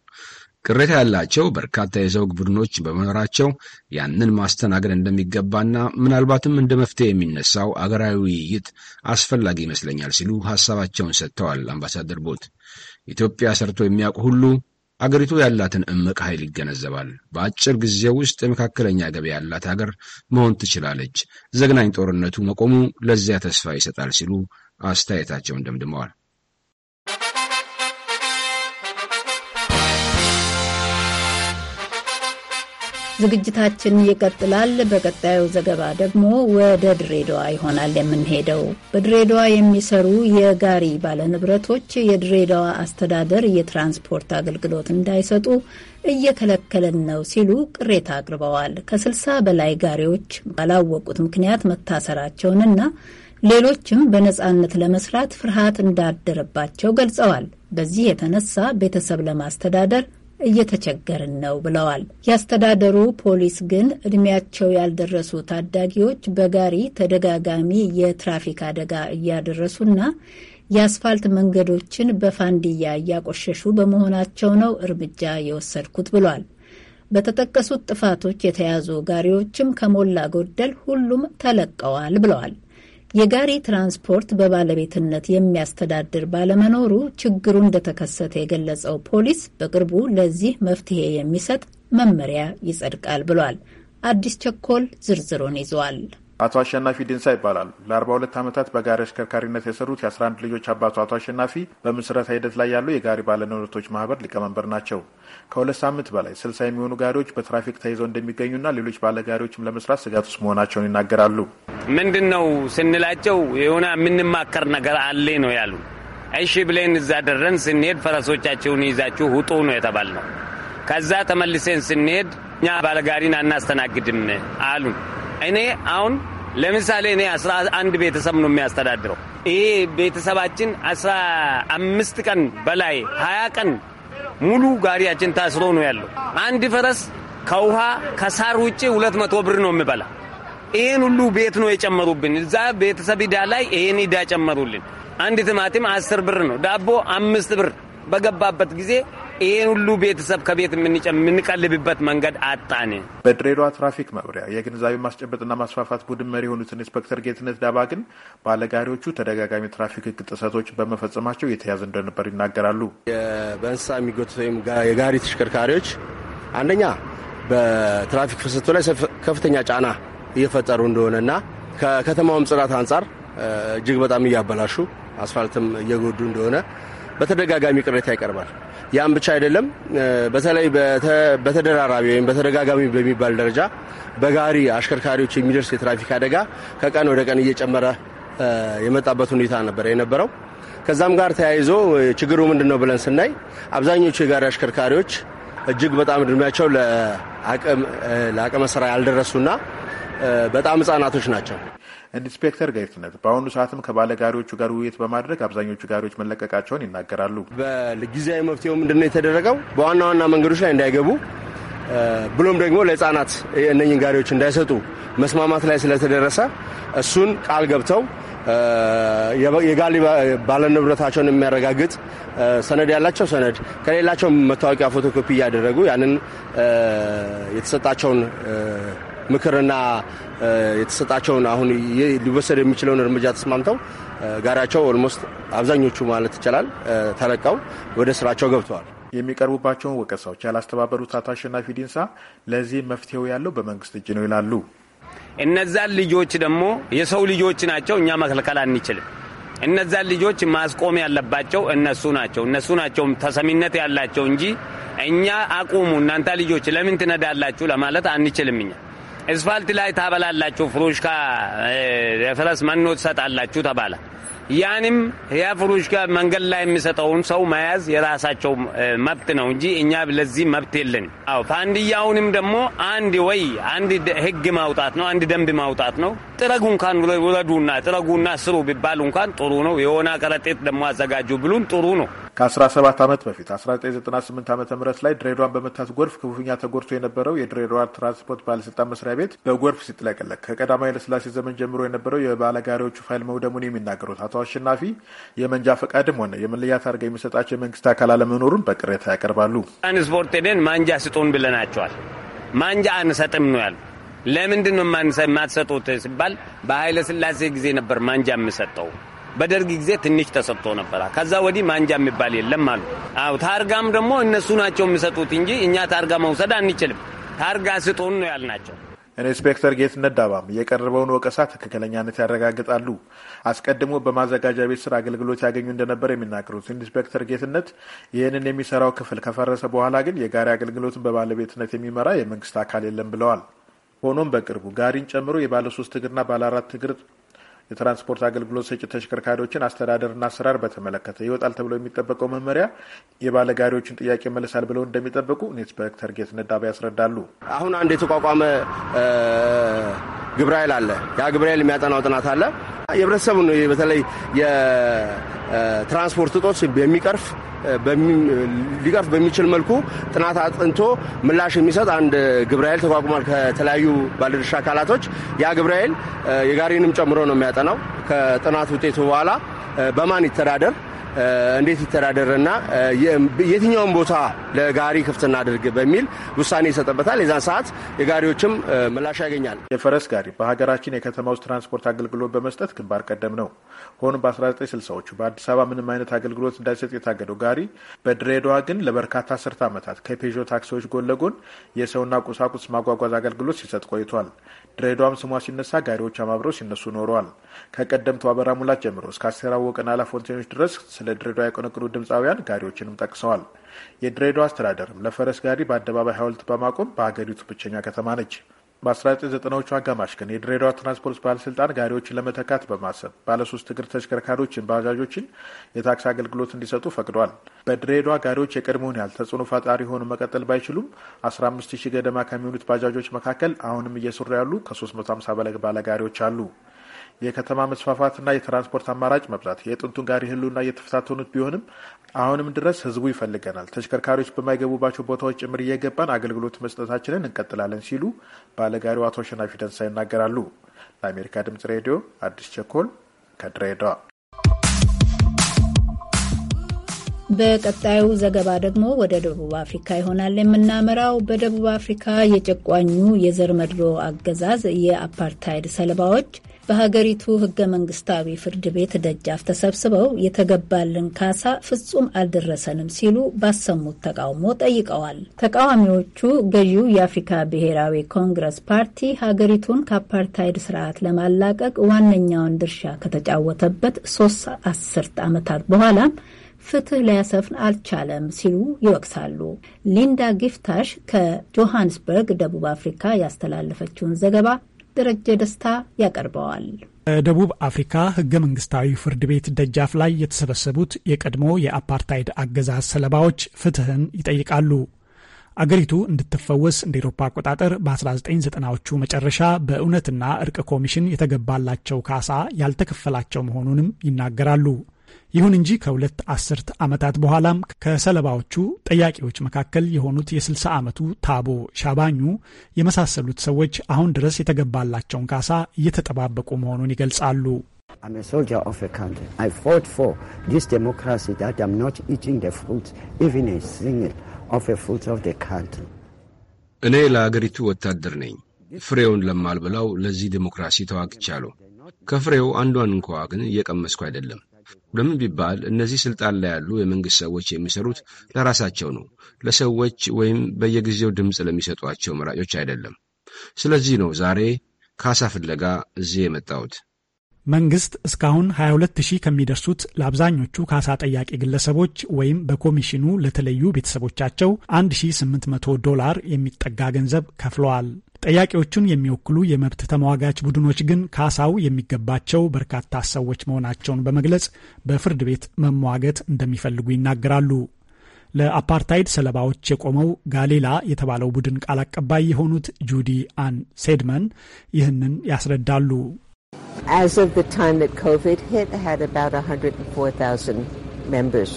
ቅሬታ ያላቸው በርካታ የዘውግ ቡድኖች በመኖራቸው ያንን ማስተናገድ እንደሚገባና ምናልባትም እንደ መፍትሄ የሚነሳው አገራዊ ውይይት አስፈላጊ ይመስለኛል ሲሉ ሀሳባቸውን ሰጥተዋል። አምባሳደር ቦት ኢትዮጵያ ሰርቶ የሚያውቁ ሁሉ አገሪቱ ያላትን እምቅ ኃይል ይገነዘባል። በአጭር ጊዜ ውስጥ የመካከለኛ ገበያ ያላት አገር መሆን ትችላለች። ዘግናኝ ጦርነቱ መቆሙ ለዚያ ተስፋ ይሰጣል ሲሉ አስተያየታቸውን ደምድመዋል። ዝግጅታችን ይቀጥላል። በቀጣዩ ዘገባ ደግሞ ወደ ድሬዳዋ ይሆናል የምንሄደው። በድሬዳዋ የሚሰሩ የጋሪ ባለንብረቶች የድሬዳዋ አስተዳደር የትራንስፖርት አገልግሎት እንዳይሰጡ እየከለከለን ነው ሲሉ ቅሬታ አቅርበዋል። ከስልሳ በላይ ጋሪዎች ባላወቁት ምክንያት መታሰራቸውንና ሌሎችም በነጻነት ለመስራት ፍርሃት እንዳደረባቸው ገልጸዋል። በዚህ የተነሳ ቤተሰብ ለማስተዳደር እየተቸገርን ነው ብለዋል። የአስተዳደሩ ፖሊስ ግን እድሜያቸው ያልደረሱ ታዳጊዎች በጋሪ ተደጋጋሚ የትራፊክ አደጋ እያደረሱና የአስፋልት መንገዶችን በፋንዲያ እያቆሸሹ በመሆናቸው ነው እርምጃ የወሰድኩት ብሏል። በተጠቀሱት ጥፋቶች የተያዙ ጋሪዎችም ከሞላ ጎደል ሁሉም ተለቀዋል ብለዋል። የጋሪ ትራንስፖርት በባለቤትነት የሚያስተዳድር ባለመኖሩ ችግሩ እንደተከሰተ የገለጸው ፖሊስ በቅርቡ ለዚህ መፍትሄ የሚሰጥ መመሪያ ይጸድቃል ብሏል። አዲስ ቸኮል ዝርዝሩን ይዟል። አቶ አሸናፊ ድንሳ ይባላሉ። ለ42 ዓመታት በጋሪ አሽከርካሪነት የሰሩት የ11 ልጆች አባቱ አቶ አሸናፊ በምስረታ ሂደት ላይ ያለው የጋሪ ባለንብረቶች ማህበር ሊቀመንበር ናቸው። ከሁለት ሳምንት በላይ ስልሳ የሚሆኑ ጋሪዎች በትራፊክ ተይዘው እንደሚገኙና ሌሎች ባለጋሪዎችም ለመስራት ስጋት ውስጥ መሆናቸውን ይናገራሉ። ምንድን ነው ስንላቸው የሆነ የምንማከር ነገር አለ ነው ያሉ። እሺ ብለን እዛ ደረን ስንሄድ ፈረሶቻቸውን ይዛችሁ ውጡ ነው ነው። ከዛ ተመልሰን ስንሄድ እኛ ባለጋሪን አናስተናግድም አሉን። እኔ አሁን ለምሳሌ እኔ አስራ አንድ ቤተሰብ ነው የሚያስተዳድረው። ይሄ ቤተሰባችን አስራ አምስት ቀን በላይ ሀያ ቀን ሙሉ ጋሪያችን ታስሮ ነው ያለው። አንድ ፈረስ ከውሃ ከሳር ውጭ ሁለት መቶ ብር ነው የሚበላ። ይህን ሁሉ ቤት ነው የጨመሩብን። እዛ ቤተሰብ ዕዳ ላይ ይህን ዕዳ ጨመሩልን። አንድ ቲማቲም አስር ብር ነው፣ ዳቦ አምስት ብር በገባበት ጊዜ ይህን ሁሉ ቤተሰብ ከቤት የምንቀልብበት መንገድ አጣን። በድሬዳዋ ትራፊክ መምሪያ የግንዛቤ ማስጨበጥና ማስፋፋት ቡድን መሪ የሆኑትን ኢንስፔክተር ጌትነት ዳባ ግን ባለጋሪዎቹ ተደጋጋሚ ትራፊክ ህግ ጥሰቶች በመፈጸማቸው የተያዘ እንደነበር ይናገራሉ። በእንስሳ የሚጎቱ ወይም የጋሪ ተሽከርካሪዎች አንደኛ በትራፊክ ፍሰቱ ላይ ከፍተኛ ጫና እየፈጠሩ እንደሆነና ከከተማውም ጽዳት አንጻር እጅግ በጣም እያበላሹ አስፋልትም እየጎዱ እንደሆነ በተደጋጋሚ ቅሬታ ይቀርባል። ያም ብቻ አይደለም። በተለይ በተደራራቢ ወይም በተደጋጋሚ በሚባል ደረጃ በጋሪ አሽከርካሪዎች የሚደርስ የትራፊክ አደጋ ከቀን ወደ ቀን እየጨመረ የመጣበት ሁኔታ ነበር የነበረው። ከዛም ጋር ተያይዞ ችግሩ ምንድን ነው ብለን ስናይ አብዛኞቹ የጋሪ አሽከርካሪዎች እጅግ በጣም እድሜያቸው ለአቅመ ስራ ያልደረሱና በጣም ህጻናቶች ናቸው። ኢንስፔክተር ጌትነት በአሁኑ ሰዓትም ከባለጋሪዎቹ ጋር ውይይት በማድረግ አብዛኞቹ ጋሪዎች መለቀቃቸውን ይናገራሉ። በጊዜያዊ መፍትሄው ምንድነው የተደረገው? በዋና ዋና መንገዶች ላይ እንዳይገቡ ብሎም ደግሞ ለህፃናት እነኝን ጋሪዎች እንዳይሰጡ መስማማት ላይ ስለተደረሰ እሱን ቃል ገብተው የጋሊ ባለንብረታቸውን የሚያረጋግጥ ሰነድ ያላቸው ሰነድ ከሌላቸው መታወቂያ ፎቶኮፒ እያደረጉ ያንን የተሰጣቸውን ምክርና የተሰጣቸውን አሁን ሊወሰድ የሚችለውን እርምጃ ተስማምተው ጋራቸው ኦልሞስት አብዛኞቹ ማለት ይቻላል ተለቀው ወደ ስራቸው ገብተዋል። የሚቀርቡባቸውን ወቀሳዎች ያላስተባበሩት አቶ አሸናፊ ዲንሳ ለዚህ መፍትሄው ያለው በመንግስት እጅ ነው ይላሉ። እነዛን ልጆች ደግሞ የሰው ልጆች ናቸው፣ እኛ መከልከል አንችልም። እነዛን ልጆች ማስቆም ያለባቸው እነሱ ናቸው። እነሱ ናቸው ተሰሚነት ያላቸው እንጂ እኛ አቁሙ እናንተ ልጆች ለምን ትነዳላችሁ ለማለት አንችልም እኛ እስፋልት ላይ ታበላላችሁ፣ ፍሩሽካ የፈረስ መኖ ትሰጣላችሁ ተባለ። ያንም ያፍሩሽ ጋር መንገድ ላይ የሚሰጠውን ሰው መያዝ የራሳቸው መብት ነው እንጂ እኛ ለዚህ መብት የለን። አዎ ፋንድያውንም ደግሞ አንድ ወይ አንድ ህግ ማውጣት ነው፣ አንድ ደንብ ማውጣት ነው። ጥረጉ እንኳን ውለዱና ጥረጉና ስሩ ቢባሉ እንኳን ጥሩ ነው። የሆነ ከረጢት ደግሞ አዘጋጁ ብሉን ጥሩ ነው። ከ17 ዓመት በፊት 1998 ዓ ም ላይ ድሬዳዋን በመታት ጎርፍ ክፉኛ ተጎድቶ የነበረው የድሬዳዋ ትራንስፖርት ባለስልጣን መስሪያ ቤት በጎርፍ ሲጥለቀለቅ ከቀዳማዊ ኃይለሥላሴ ዘመን ጀምሮ የነበረው የባለጋሪዎቹ ፋይል መውደሙን የሚናገሩት አቶ አሸናፊ የመንጃ ፈቃድም ሆነ የመለያ ታርጋ የሚሰጣቸው የመንግስት አካል አለመኖሩን በቅሬታ ያቀርባሉ። ትራንስፖርት ደን ማንጃ ስጡን ብለናቸዋል። ማንጃ አንሰጥም ነው ያሉ። ለምንድን ነው የማትሰጡት ሲባል በኃይለ ስላሴ ጊዜ ነበር ማንጃ የምሰጠው በደርግ ጊዜ ትንሽ ተሰጥቶ ነበር። ከዛ ወዲህ ማንጃ የሚባል የለም አሉ። አዎ ታርጋም ደግሞ እነሱ ናቸው የሚሰጡት እንጂ እኛ ታርጋ መውሰድ አንችልም። ታርጋ ስጡን ነው ያልናቸው። ኢንስፔክተር ጌትነት ዳባም የቀረበውን ወቀሳ ትክክለኛነት ያረጋግጣሉ። አስቀድሞ በማዘጋጃ ቤት ስራ አገልግሎት ያገኙ እንደነበር የሚናገሩት ኢንስፔክተር ጌትነት ይህንን የሚሰራው ክፍል ከፈረሰ በኋላ ግን የጋሪ አገልግሎትን በባለቤትነት የሚመራ የመንግስት አካል የለም ብለዋል። ሆኖም በቅርቡ ጋሪን ጨምሮ የባለ ሶስት እግርና ባለ አራት እግር የትራንስፖርት አገልግሎት ሰጪ ተሽከርካሪዎችን አስተዳደርና አሰራር በተመለከተ ይወጣል ተብሎ የሚጠበቀው መመሪያ የባለጋሪዎችን ጥያቄ መልሳል ብለው እንደሚጠበቁ ኢንስፔክተር ጌት ዳባ ያስረዳሉ። አሁን አንድ የተቋቋመ ግብረ ኃይል አለ። ያ ግብረ ኃይል የሚያጠናው ጥናት አለ። የህብረተሰቡን በተለይ ትራንስፖርት እጦት በሚቀርፍ ሊቀርፍ በሚችል መልኩ ጥናት አጥንቶ ምላሽ የሚሰጥ አንድ ግብረ ኃይል ተቋቁሟል ከተለያዩ ባለድርሻ አካላቶች። ያ ግብረ ኃይል የጋሪንም ጨምሮ ነው የሚያጠናው። ከጥናት ውጤቱ በኋላ በማን ይተዳደር እንዴት ይተዳደርና የትኛውን ቦታ ለጋሪ ክፍት እናድርግ በሚል ውሳኔ ይሰጥበታል። የዛን ሰዓት የጋሪዎችም ምላሽ ያገኛል። የፈረስ ጋሪ በሀገራችን የከተማ ውስጥ ትራንስፖርት አገልግሎት በመስጠት ግንባር ቀደም ነው። ሆኖም በ1960ዎቹ በአዲስ አበባ ምንም አይነት አገልግሎት እንዳይሰጥ የታገደው ጋሪ በድሬዳዋ ግን ለበርካታ አስርተ ዓመታት ከፔዦ ታክሲዎች ጎን ለጎን የሰውና ቁሳቁስ ማጓጓዝ አገልግሎት ሲሰጥ ቆይቷል። ድሬዳዋም ስሟ ሲነሳ ጋሪዎች አማብረው ሲነሱ ኖረዋል። ከቀደምቱ አበራ ሙላት ጀምሮ እስከ አስቴር አወቀና ላፎንቴኖች ድረስ ስለ ድሬዳዋ ያቀነቅኑ ድምፃውያን ጋሪዎችንም ጠቅሰዋል። የድሬዳዋ አስተዳደርም ለፈረስ ጋሪ በአደባባይ ሐውልት በማቆም በሀገሪቱ ብቸኛ ከተማ ነች። በ1990ዎቹ አጋማሽ ግን የድሬዳዋ ትራንስፖርት ባለስልጣን ጋሪዎችን ለመተካት በማሰብ ባለሶስት እግር ተሽከርካሪዎችን፣ ባጃጆችን የታክሲ አገልግሎት እንዲሰጡ ፈቅዷል። በድሬዳዋ ጋሪዎች የቀድሞውን ያህል ተጽዕኖ ፈጣሪ የሆኑ መቀጠል ባይችሉም 15 ሺህ ገደማ ከሚሆኑት ባጃጆች መካከል አሁንም እየሰሩ ያሉ ከ350 በላይ ባለጋሪዎች አሉ። የከተማ መስፋፋትና የትራንስፖርት አማራጭ መብዛት የጥንቱን ጋሪ ህልውና እየተፈታተኑት ቢሆንም አሁንም ድረስ ህዝቡ ይፈልገናል፣ ተሽከርካሪዎች በማይገቡባቸው ቦታዎች ጭምር እየገባን አገልግሎት መስጠታችንን እንቀጥላለን ሲሉ ባለጋሪው አቶ አሸናፊ ደንሳ ይናገራሉ። ለአሜሪካ ድምጽ ሬዲዮ አዲስ ቸኮል ከድሬዳዋ። በቀጣዩ ዘገባ ደግሞ ወደ ደቡብ አፍሪካ ይሆናል የምናመራው። በደቡብ አፍሪካ የጨቋኙ የዘር መድሮ አገዛዝ የአፓርታይድ ሰለባዎች በሀገሪቱ ህገ መንግስታዊ ፍርድ ቤት ደጃፍ ተሰብስበው የተገባልን ካሳ ፍጹም አልደረሰንም ሲሉ ባሰሙት ተቃውሞ ጠይቀዋል። ተቃዋሚዎቹ ገዢው የአፍሪካ ብሔራዊ ኮንግረስ ፓርቲ ሀገሪቱን ከአፓርታይድ ስርዓት ለማላቀቅ ዋነኛውን ድርሻ ከተጫወተበት ሶስት አስርት ዓመታት በኋላም ፍትህ ሊያሰፍን አልቻለም ሲሉ ይወቅሳሉ። ሊንዳ ጊፍታሽ ከጆሃንስበርግ ደቡብ አፍሪካ ያስተላለፈችውን ዘገባ ደረጀ ደስታ ያቀርበዋል። በደቡብ አፍሪካ ህገ መንግስታዊ ፍርድ ቤት ደጃፍ ላይ የተሰበሰቡት የቀድሞ የአፓርታይድ አገዛዝ ሰለባዎች ፍትህን ይጠይቃሉ። አገሪቱ እንድትፈወስ እንደ ኤሮፓ አቆጣጠር በ1990ዎቹ መጨረሻ በእውነትና እርቅ ኮሚሽን የተገባላቸው ካሳ ያልተከፈላቸው መሆኑንም ይናገራሉ። ይሁን እንጂ ከሁለት አስርት ዓመታት በኋላም ከሰለባዎቹ ጠያቂዎች መካከል የሆኑት የ60 ዓመቱ ታቦ ሻባኙ የመሳሰሉት ሰዎች አሁን ድረስ የተገባላቸውን ካሳ እየተጠባበቁ መሆኑን ይገልጻሉ። እኔ ለአገሪቱ ወታደር ነኝ። ፍሬውን ለማልበላው ለዚህ ዲሞክራሲ ተዋግቻለሁ። ከፍሬው አንዷን እንኳ ግን እየቀመስኩ አይደለም። ለምን ቢባል እነዚህ ስልጣን ላይ ያሉ የመንግሥት ሰዎች የሚሰሩት ለራሳቸው ነው፣ ለሰዎች ወይም በየጊዜው ድምፅ ለሚሰጧቸው መራጮች አይደለም። ስለዚህ ነው ዛሬ ካሳ ፍለጋ እዚህ የመጣሁት። መንግስት እስካሁን 22 ሺህ ከሚደርሱት ለአብዛኞቹ ካሳ ጠያቂ ግለሰቦች ወይም በኮሚሽኑ ለተለዩ ቤተሰቦቻቸው 1800 ዶላር የሚጠጋ ገንዘብ ከፍለዋል። ጠያቂዎቹን የሚወክሉ የመብት ተሟጋች ቡድኖች ግን ካሳው የሚገባቸው በርካታ ሰዎች መሆናቸውን በመግለጽ በፍርድ ቤት መሟገት እንደሚፈልጉ ይናገራሉ። ለአፓርታይድ ሰለባዎች የቆመው ጋሌላ የተባለው ቡድን ቃል አቀባይ የሆኑት ጁዲ አን ሴድመን ይህንን ያስረዳሉ። As of the time that COVID hit, had about 104,000 members.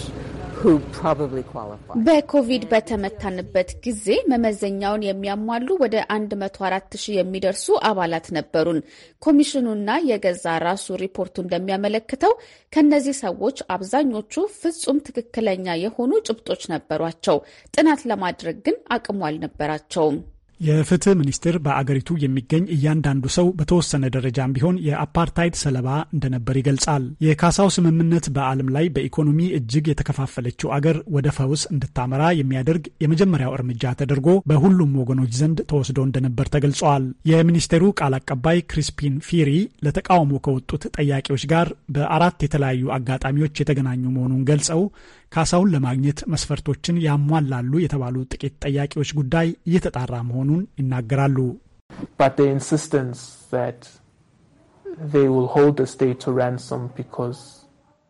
በኮቪድ በተመታንበት ጊዜ መመዘኛውን የሚያሟሉ ወደ 104 ሺህ የሚደርሱ አባላት ነበሩን። ኮሚሽኑና የገዛ ራሱ ሪፖርቱ እንደሚያመለክተው ከእነዚህ ሰዎች አብዛኞቹ ፍጹም ትክክለኛ የሆኑ ጭብጦች ነበሯቸው። ጥናት ለማድረግ ግን አቅሙ አልነበራቸውም። የፍትህ ሚኒስቴር በአገሪቱ የሚገኝ እያንዳንዱ ሰው በተወሰነ ደረጃም ቢሆን የአፓርታይድ ሰለባ እንደነበር ይገልጻል። የካሳው ስምምነት በዓለም ላይ በኢኮኖሚ እጅግ የተከፋፈለችው አገር ወደ ፈውስ እንድታመራ የሚያደርግ የመጀመሪያው እርምጃ ተደርጎ በሁሉም ወገኖች ዘንድ ተወስዶ እንደነበር ተገልጿል። የሚኒስቴሩ ቃል አቀባይ ክሪስፒን ፊሪ ለተቃውሞ ከወጡት ጠያቂዎች ጋር በአራት የተለያዩ አጋጣሚዎች የተገናኙ መሆኑን ገልጸው ካሳውን ለማግኘት መስፈርቶችን ያሟላሉ የተባሉ ጥቂት ጠያቂዎች ጉዳይ እየተጣራ መሆኑን ይናገራሉ።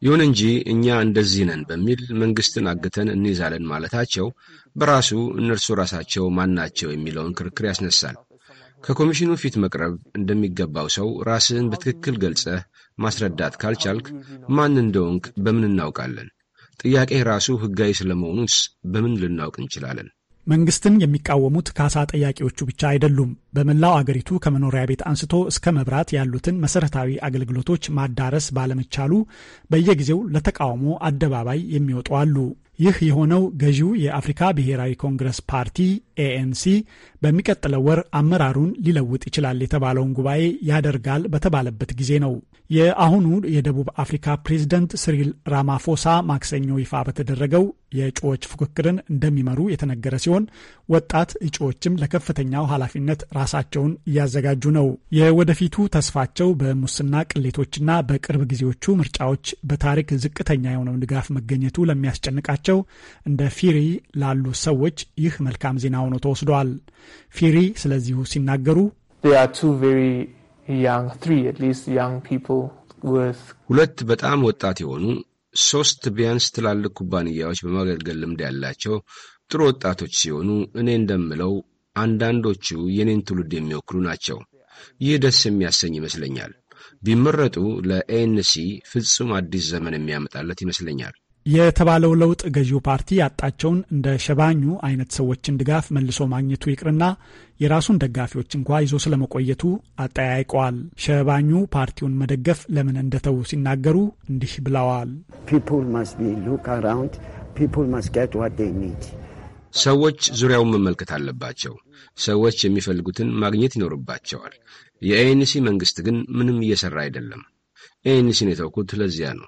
ይሁን እንጂ እኛ እንደዚህ ነን በሚል መንግስትን አግተን እንይዛለን ማለታቸው በራሱ እነርሱ ራሳቸው ማናቸው የሚለውን ክርክር ያስነሳል። ከኮሚሽኑ ፊት መቅረብ እንደሚገባው ሰው ራስህን በትክክል ገልጸህ ማስረዳት ካልቻልክ ማን እንደወንክ በምን እናውቃለን? ጥያቄ ራሱ ሕጋዊ ስለመሆኑስ በምን ልናውቅ እንችላለን? መንግስትን የሚቃወሙት ካሳ ጠያቂዎቹ ብቻ አይደሉም። በመላው አገሪቱ ከመኖሪያ ቤት አንስቶ እስከ መብራት ያሉትን መሰረታዊ አገልግሎቶች ማዳረስ ባለመቻሉ በየጊዜው ለተቃውሞ አደባባይ የሚወጡ አሉ። ይህ የሆነው ገዢው የአፍሪካ ብሔራዊ ኮንግረስ ፓርቲ ኤኤንሲ በሚቀጥለው ወር አመራሩን ሊለውጥ ይችላል የተባለውን ጉባኤ ያደርጋል በተባለበት ጊዜ ነው። የአሁኑ የደቡብ አፍሪካ ፕሬዝደንት ሲሪል ራማፎሳ ማክሰኞ ይፋ በተደረገው የእጩዎች ፉክክርን እንደሚመሩ የተነገረ ሲሆን ወጣት እጩዎችም ለከፍተኛው ኃላፊነት ራሳቸውን እያዘጋጁ ነው። የወደፊቱ ተስፋቸው በሙስና ቅሌቶችና በቅርብ ጊዜዎቹ ምርጫዎች በታሪክ ዝቅተኛ የሆነውን ድጋፍ መገኘቱ ለሚያስጨንቃቸው እንደ ፊሪ ላሉ ሰዎች ይህ መልካም ዜና ሆኖ ተወስዷል። ፊሪ ስለዚሁ ሲናገሩ ሁለት በጣም ወጣት የሆኑ ሶስት ቢያንስ ትላልቅ ኩባንያዎች በማገልገል ልምድ ያላቸው ጥሩ ወጣቶች ሲሆኑ እኔ እንደምለው አንዳንዶቹ የኔን ትውልድ የሚወክሉ ናቸው። ይህ ደስ የሚያሰኝ ይመስለኛል። ቢመረጡ ለኤንሲ ፍጹም አዲስ ዘመን የሚያመጣለት ይመስለኛል። የተባለው ለውጥ ገዢው ፓርቲ ያጣቸውን እንደ ሸባኙ አይነት ሰዎችን ድጋፍ መልሶ ማግኘቱ ይቅርና የራሱን ደጋፊዎች እንኳ ይዞ ስለመቆየቱ አጠያይቀዋል። ሸባኙ ፓርቲውን መደገፍ ለምን እንደተዉ ሲናገሩ እንዲህ ብለዋል። ሰዎች ዙሪያውን መመልከት አለባቸው። ሰዎች የሚፈልጉትን ማግኘት ይኖርባቸዋል። የኤንሲ መንግስት ግን ምንም እየሰራ አይደለም። ኤንሲን የተውኩት ለዚያ ነው።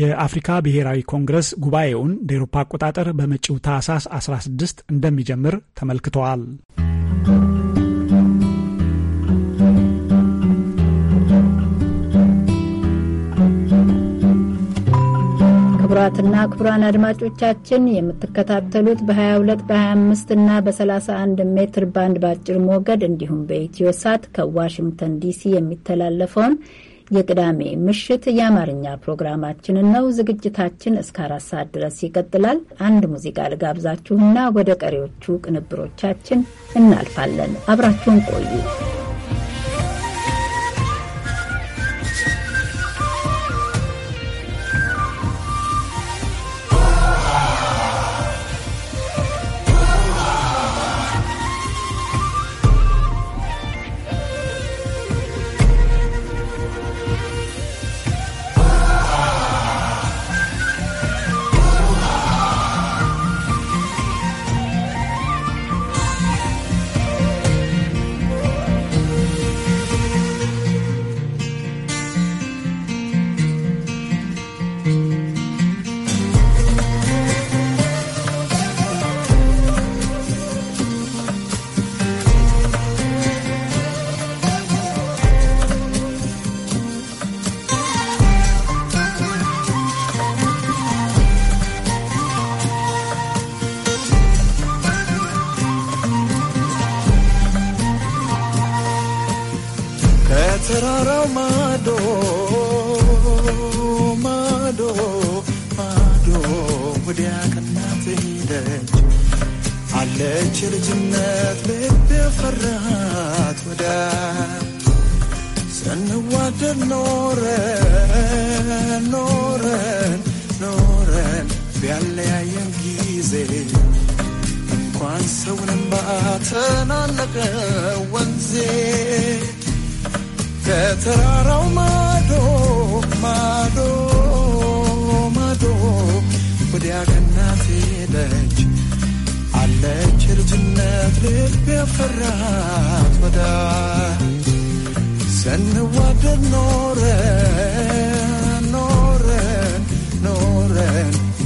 የአፍሪካ ብሔራዊ ኮንግረስ ጉባኤውን እንደ ኤሮፓ አቆጣጠር በመጪው ታህሳስ 16 እንደሚጀምር ተመልክተዋል። ክቡራትና ክቡራን አድማጮቻችን የምትከታተሉት በ22 በ25 እና በ31 ሜትር ባንድ በአጭር ሞገድ እንዲሁም በኢትዮ ሳት ከዋሽንግተን ዲሲ የሚተላለፈውን የቅዳሜ ምሽት የአማርኛ ፕሮግራማችንን ነው። ዝግጅታችን እስከ አራት ሰዓት ድረስ ይቀጥላል። አንድ ሙዚቃ ልጋብዛችሁና ወደ ቀሪዎቹ ቅንብሮቻችን እናልፋለን። አብራችሁን ቆዩ። ቢያለያየን ጊዜ እንኳን ሰውንም ባተናነቀው ወንዜ ከተራራው ማዶ ማዶ ማዶ ወዲያ ገናት ሄደች አለች ልጅነት ልብ ያፈራት ወዳ ስንዋደድ ኖረ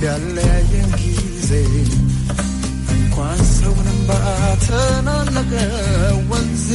ያለያየን ጊዜ እንኳን ሰውንም ባተናነቀ ወንዜ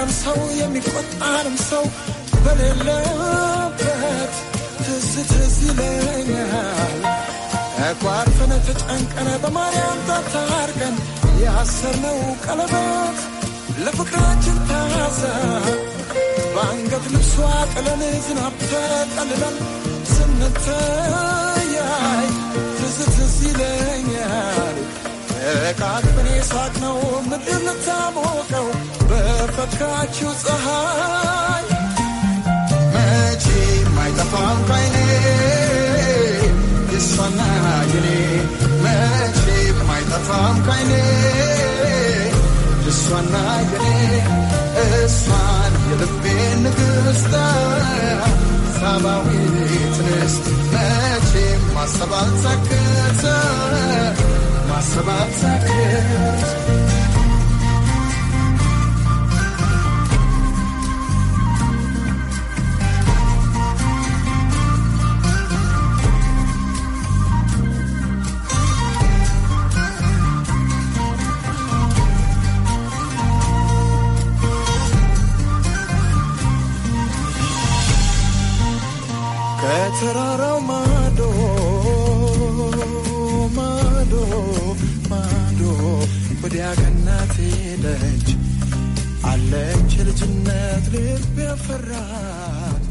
ቀምሰው የሚቆጣንም ሰው በሌለበት ትዝ ትዝ ይለኛል። ተቋርፈን ተጨንቀን በማርያም ታታርቀን ያሰርነው ቀለበት ለፍቅራችን ታዘ በአንገት ልብሷ ጥለን ዝናብ ተጠልለን ስንተያይ ትዝ ትዝ ይለኛል። ተቃጥኔ ሳቅ ነው ምድር ልታሞቀው በፈካችው ፀሐይ መቼ ማይጠፋም ካይኔ የሷና የኔ መቼ ማይጠፋም ካይኔ እሷና የኔ እሷን የልቤ ንግሥት ሳባዊት ንስት መቼም ማሰብ አልተከተ ሰባት ሳክት ከተራ አለች አለች ልጅነት ልብ ያፈራት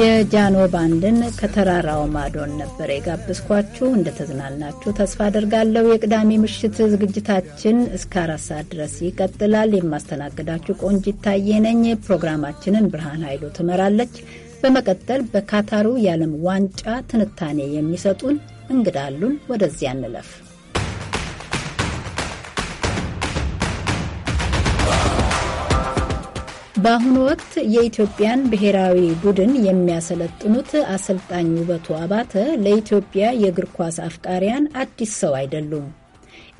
የጃኖ ባንድን ከተራራው ማዶን ነበር የጋበዝኳችሁ። እንደተዝናናችሁ ተስፋ አድርጋለሁ። የቅዳሜ ምሽት ዝግጅታችን እስከ አራት ሰዓት ድረስ ይቀጥላል። የማስተናግዳችሁ ቆንጅ ይታየ ነኝ። ፕሮግራማችንን ብርሃን ኃይሉ ትመራለች። በመቀጠል በካታሩ የዓለም ዋንጫ ትንታኔ የሚሰጡን እንግዳሉን ወደዚያ እንለፍ። በአሁኑ ወቅት የኢትዮጵያን ብሔራዊ ቡድን የሚያሰለጥኑት አሰልጣኝ ውበቱ አባተ ለኢትዮጵያ የእግር ኳስ አፍቃሪያን አዲስ ሰው አይደሉም።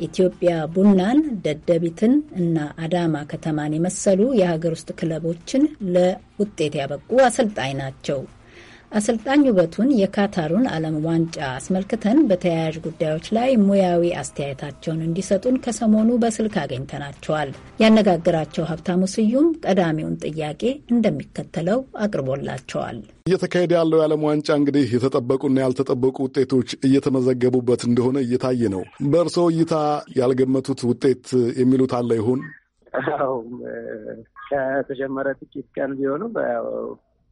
ኢትዮጵያ ቡናን፣ ደደቢትን እና አዳማ ከተማን የመሰሉ የሀገር ውስጥ ክለቦችን ለውጤት ያበቁ አሰልጣኝ ናቸው። አሰልጣኝ ውበቱን የካታሩን ዓለም ዋንጫ አስመልክተን በተያያዥ ጉዳዮች ላይ ሙያዊ አስተያየታቸውን እንዲሰጡን ከሰሞኑ በስልክ አገኝተናቸዋል። ያነጋገራቸው ሀብታሙ ስዩም ቀዳሚውን ጥያቄ እንደሚከተለው አቅርቦላቸዋል። እየተካሄደ ያለው የዓለም ዋንጫ እንግዲህ የተጠበቁና ያልተጠበቁ ውጤቶች እየተመዘገቡበት እንደሆነ እየታየ ነው። በእርሶ እይታ ያልገመቱት ውጤት የሚሉት አለ ይሆን? ከተጀመረ ጥቂት ቀን ቢሆንም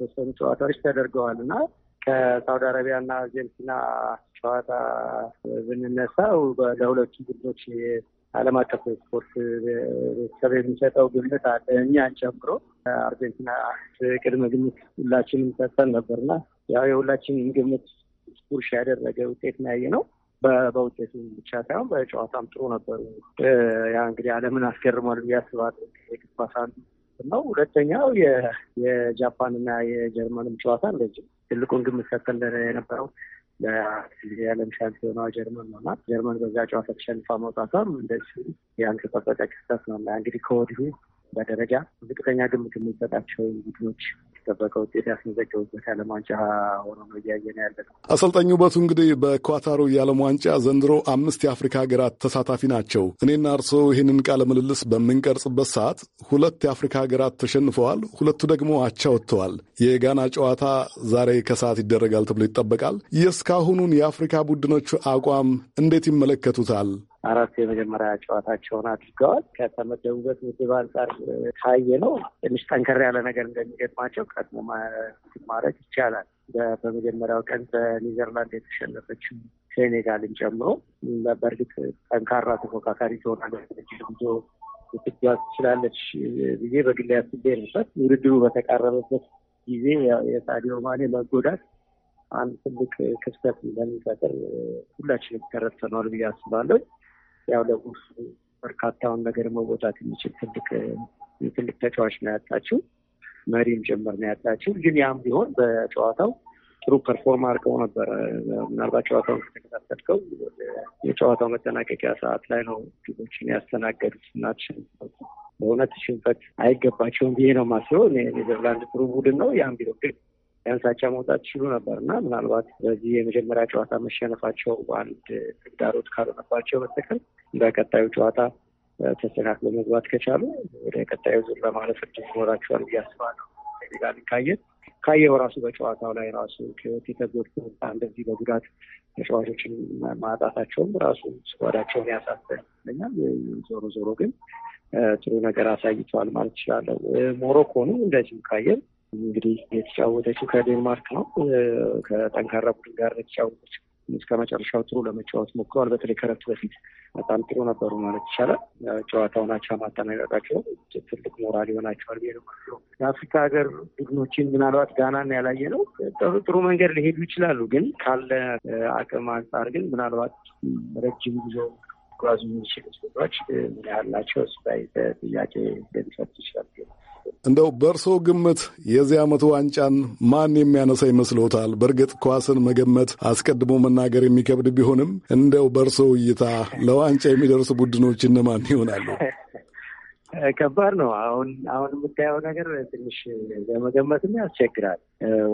የተወሰኑ ጨዋታዎች ተደርገዋል እና ከሳውዲ አረቢያና አርጀንቲና ጨዋታ ብንነሳው ለሁለቱ ቡድኖች ዓለም አቀፍ ስፖርት ቤተሰብ የሚሰጠው ግምት አለ። እኛን ጨምሮ አርጀንቲና ቅድመ ግምት ሁላችንም ሰጠን ነበርና ያው የሁላችንም ግምት ቁርሽ ያደረገ ውጤት ነው ያየነው። በውጤቱ ብቻ ሳይሆን በጨዋታም ጥሩ ነበሩ። ያ እንግዲህ ዓለምን አስገርሟል ብዬ አስባለሁ። ማለት ነው። ሁለተኛው የጃፓን የጃፓንና የጀርመንም ጨዋታ እንደዚህ ትልቁን ግምት ሰጥተን የነበረው ለጊዜ የዓለም ሻምፒዮና ጀርመን ነው እና ጀርመን በዛ ጨዋታ ተሸንፋ መውጣቷም እንደዚሁ የአንተጠበቀ ክስተት ነው እና እንግዲህ ከወዲሁ በደረጃ ዝቅተኛ ግምት የሚሰጣቸው ቡድኖች የተጠበቀ ውጤት ያስመዘገቡበት የዓለም ዋንጫ ሆኖ ነው እያየን ያለ ነው። አሰልጣኝ ውበቱ እንግዲህ በኳታሩ የዓለም ዋንጫ ዘንድሮ አምስት የአፍሪካ ሀገራት ተሳታፊ ናቸው። እኔና እርስዎ ይህንን ቃለ ምልልስ በምንቀርጽበት ሰዓት ሁለት የአፍሪካ ሀገራት ተሸንፈዋል፣ ሁለቱ ደግሞ አቻ ወጥተዋል። የጋና ጨዋታ ዛሬ ከሰዓት ይደረጋል ተብሎ ይጠበቃል። የእስካሁኑን የአፍሪካ ቡድኖቹ አቋም እንዴት ይመለከቱታል? አራት የመጀመሪያ ጨዋታቸውን አድርገዋል። ከተመደቡበት ምድብ አንጻር ካየ ነው ትንሽ ጠንከር ያለ ነገር እንደሚገጥማቸው ቀድሞ ማድረግ ይቻላል። በመጀመሪያው ቀን በኒዘርላንድ የተሸነፈችው ሴኔጋልን ጨምሮ በእርግጥ ጠንካራ ተፎካካሪ ትሆናለች ጉዞ ልትጓዝ ትችላለች ጊዜ በግላ ያስቤ ነበር። ውድድሩ በተቃረበበት ጊዜ የሳዲዮ ማኔ መጎዳት አንድ ትልቅ ክፍተት እንደሚፈጥር ሁላችንም ተረድተነዋል ብዬ አስባለሁ። ያው ለቁርሱ በርካታውን ነገር መወጣት የሚችል ትልቅ ትልቅ ተጫዋች ነው ያጣችው። መሪም ጭምር ነው ያጣችው። ግን ያም ቢሆን በጨዋታው ጥሩ ፐርፎርም አድርገው ነበረ። ምናልባት ጨዋታውን ከተከታተልከው የጨዋታው መጠናቀቂያ ሰዓት ላይ ነው ግቦችን ያስተናገዱት እና በእውነት ሽንፈት አይገባቸውም ብዬ ነው ማስበው። ኔዘርላንድ ጥሩ ቡድን ነው። ያም ቢሆን ግን ቢያንስ መውጣት ችሉ ነበር እና ምናልባት በዚህ የመጀመሪያ ጨዋታ መሸነፋቸው አንድ ተግዳሮት ካልሆነባቸው በስተቀር በቀጣዩ ጨዋታ ተስተካክሎ መግባት ከቻሉ ወደ ቀጣዩ ዙር ለማለፍ እድል ይኖራቸዋል ብዬ አስባለሁ። ሴኔጋል ካየን ካየው ራሱ በጨዋታው ላይ ራሱ ህይወት የተጎድቶ እንደዚህ በጉዳት ተጫዋቾችን ማጣታቸውም ራሱ ስኳዳቸውን ያሳስበል ይመስለኛል። ዞሮ ዞሮ ግን ጥሩ ነገር አሳይተዋል ማለት ይችላለሁ። ሞሮኮኑ እንደዚሁ ካየን እንግዲህ የተጫወተችው ከዴንማርክ ነው። ከጠንካራ ቡድን ጋር የተጫወተች እስከ መጨረሻው ጥሩ ለመጫወት ሞክረዋል። በተለይ ከረፍት በፊት በጣም ጥሩ ነበሩ ማለት ይቻላል። ጨዋታውን አቻ ማጠናቀቃቸው ትልቅ ሞራል ይሆናቸዋል ነው የአፍሪካ ሀገር ቡድኖችን ምናልባት ጋናን ያላየ ነው ጥሩ ጥሩ መንገድ ሊሄዱ ይችላሉ፣ ግን ካለ አቅም አንጻር ግን ምናልባት ረጅም ጉዞ ጓዙ የሚችሉ ሴቶች ምን ያህል ናቸው? እሱ ላይ ጥያቄ ሊሰጥ ይችላል። እንደው በእርስዎ ግምት የዚህ ዓመቱ ዋንጫን ማን የሚያነሳ ይመስሎታል? በእርግጥ ኳስን መገመት አስቀድሞ መናገር የሚከብድ ቢሆንም እንደው በእርስዎ እይታ ለዋንጫ የሚደርሱ ቡድኖች እነማን ይሆናሉ? ከባድ ነው። አሁን አሁን የምታየው ነገር ትንሽ ለመገመትም ያስቸግራል።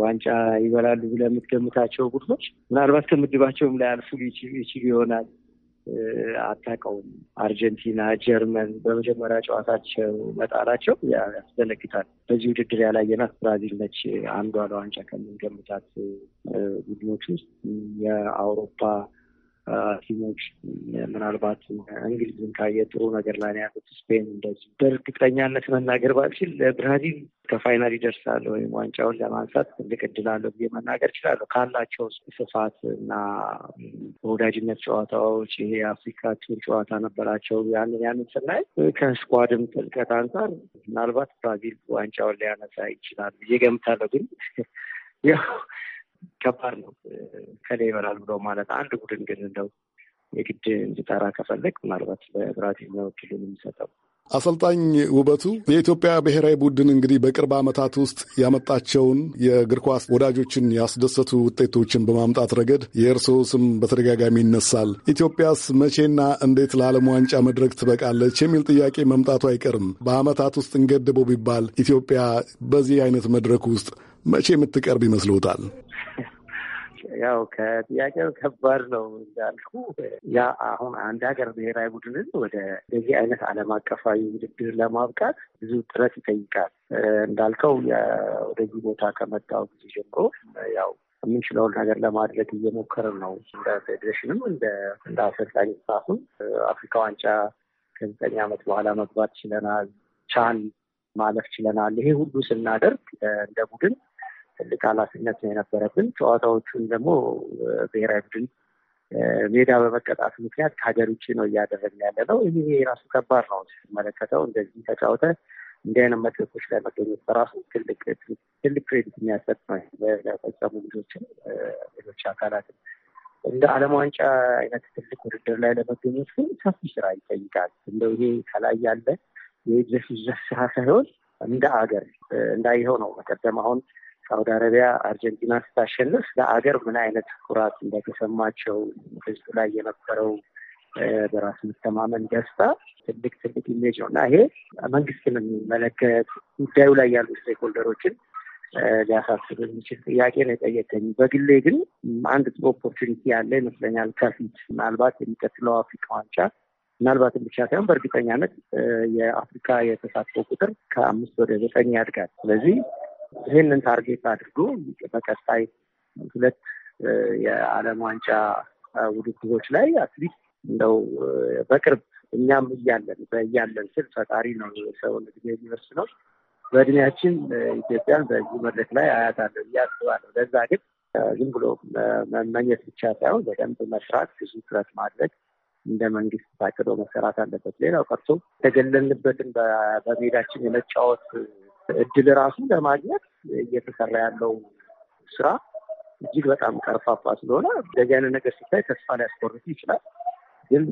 ዋንጫ ይበላሉ ብለህ የምትገምታቸው ቡድኖች ምናልባት ከምድባቸውም ላይ አልፉ ይችሉ ይሆናል አታውቀውም። አርጀንቲና፣ ጀርመን በመጀመሪያ ጨዋታቸው መጣላቸው ያስደነግጣል። በዚህ ውድድር ያላየናት ብራዚል ነች። አንዷ ለዋንጫ ከምንገምታት ቡድኖች ውስጥ የአውሮፓ ቲሞች ምናልባት እንግሊዝን ካየ ጥሩ ነገር ላይ ያሉት። ስፔን እንደዚህ በእርግጠኛነት መናገር ባልችል ብራዚል ከፋይናል ይደርሳል ወይም ዋንጫውን ለማንሳት ትልቅ እድል አለው ብዬ መናገር እችላለሁ። ካላቸው ስፋት እና በወዳጅነት ጨዋታዎች ይሄ የአፍሪካ ቱር ጨዋታ ነበራቸው። ያንን ያንን ስናይ ከስኳድም ጥልቀት አንጻር ምናልባት ብራዚል ዋንጫውን ሊያነሳ ይችላል ብዬ ገምታለሁ ግን ያው ከባድ ነው። ከሌ ይበላል ብሎ ማለት አንድ ቡድን ግን እንደው የግድ እንዲጠራ ከፈለግ ምናልባት ለብራዚል ነው የሚሰጠው። አሰልጣኝ ውበቱ የኢትዮጵያ ብሔራዊ ቡድን እንግዲህ በቅርብ ዓመታት ውስጥ ያመጣቸውን የእግር ኳስ ወዳጆችን ያስደሰቱ ውጤቶችን በማምጣት ረገድ የእርስዎ ስም በተደጋጋሚ ይነሳል። ኢትዮጵያስ መቼና እንዴት ለዓለም ዋንጫ መድረክ ትበቃለች የሚል ጥያቄ መምጣቱ አይቀርም። በዓመታት ውስጥ እንገድበው ቢባል ኢትዮጵያ በዚህ አይነት መድረክ ውስጥ መቼ የምትቀርብ ይመስልዎታል? ያው ከጥያቄው ከባድ ነው እንዳልኩ ያ አሁን አንድ ሀገር ብሔራዊ ቡድንን ወደ እንደዚህ አይነት ዓለም አቀፋዊ ውድድር ለማብቃት ብዙ ጥረት ይጠይቃል። እንዳልከው ወደዚህ ቦታ ከመጣው ጊዜ ጀምሮ ያው የምንችለውን ነገር ለማድረግ እየሞከርን ነው። እንደ ፌዴሬሽንም እንደ እንደ አሰልጣኝ ሳሁን አፍሪካ ዋንጫ ከዘጠኝ ዓመት በኋላ መግባት ችለናል። ቻን ማለፍ ችለናል። ይሄ ሁሉ ስናደርግ እንደ ቡድን ትልቅ ኃላፊነት ነው የነበረብን። ጨዋታዎቹን ደግሞ ብሔራዊ ቡድን ሜዳ በመቀጣት ምክንያት ከሀገር ውጭ ነው እያደረግን ያለ ነው። ይህ የራሱ ከባድ ነው ሲመለከተው እንደዚህ ተጫውተ እንዲህ አይነት መድረኮች ላይ መገኘት በራሱ ትልቅ ክሬዲት የሚያሰጥ ነው ለፈጸሙ ልጆችን ሌሎች አካላትን እንደ ዓለም ዋንጫ አይነት ትልቅ ውድድር ላይ ለመገኘት ግን ሰፊ ስራ ይጠይቃል። እንደው ይሄ ከላይ ያለ የዘፍ ስራ ሳይሆን እንደ አገር እንዳይኸው ነው መቀደም አሁን ሳውዲ አረቢያ አርጀንቲና ስታሸንፍ ለአገር ምን አይነት ኩራት እንደተሰማቸው ህዝቡ ላይ የነበረው በራስ መተማመን ደስታ ትልቅ ትልቅ ኢሜጅ ነው እና ይሄ መንግስትን የሚመለከት ጉዳዩ ላይ ያሉ ስቴክሆልደሮችን ሊያሳስብ የሚችል ጥያቄ ነው የጠየቀኝ። በግሌ ግን አንድ ጥሩ ኦፖርቹኒቲ ያለ ይመስለኛል። ከፊት ምናልባት የሚቀጥለው አፍሪካ ዋንጫ ምናልባትም ብቻ ሳይሆን በእርግጠኛነት የአፍሪካ የተሳትፎ ቁጥር ከአምስት ወደ ዘጠኝ ያድጋል። ስለዚህ ይህንን ታርጌት አድርጎ በቀጣይ ሁለት የዓለም ዋንጫ ውድድሮች ላይ አትሊስት እንደው በቅርብ እኛም እያለን በእያለን ስል ፈጣሪ ነው ሰውን እድሜ የሚወርስ ነው። በእድሜያችን ኢትዮጵያን በዚህ መድረክ ላይ አያታለሁ ብዬ አስባለሁ። ለዛ ግን ዝም ብሎ መመኘት ብቻ ሳይሆን በደንብ መስራት፣ ብዙ ጥረት ማድረግ እንደ መንግስት ታቅዶ መሰራት አለበት። ሌላው ቀርቶ የተገለልንበትን በሜዳችን የመጫወት እድል ራሱ ለማግኘት እየተሰራ ያለው ስራ እጅግ በጣም ቀርፋፋ ስለሆነ እንደዚህ ነገር ሲታይ ተስፋ ሊያስቆርጥ ይችላል። ግን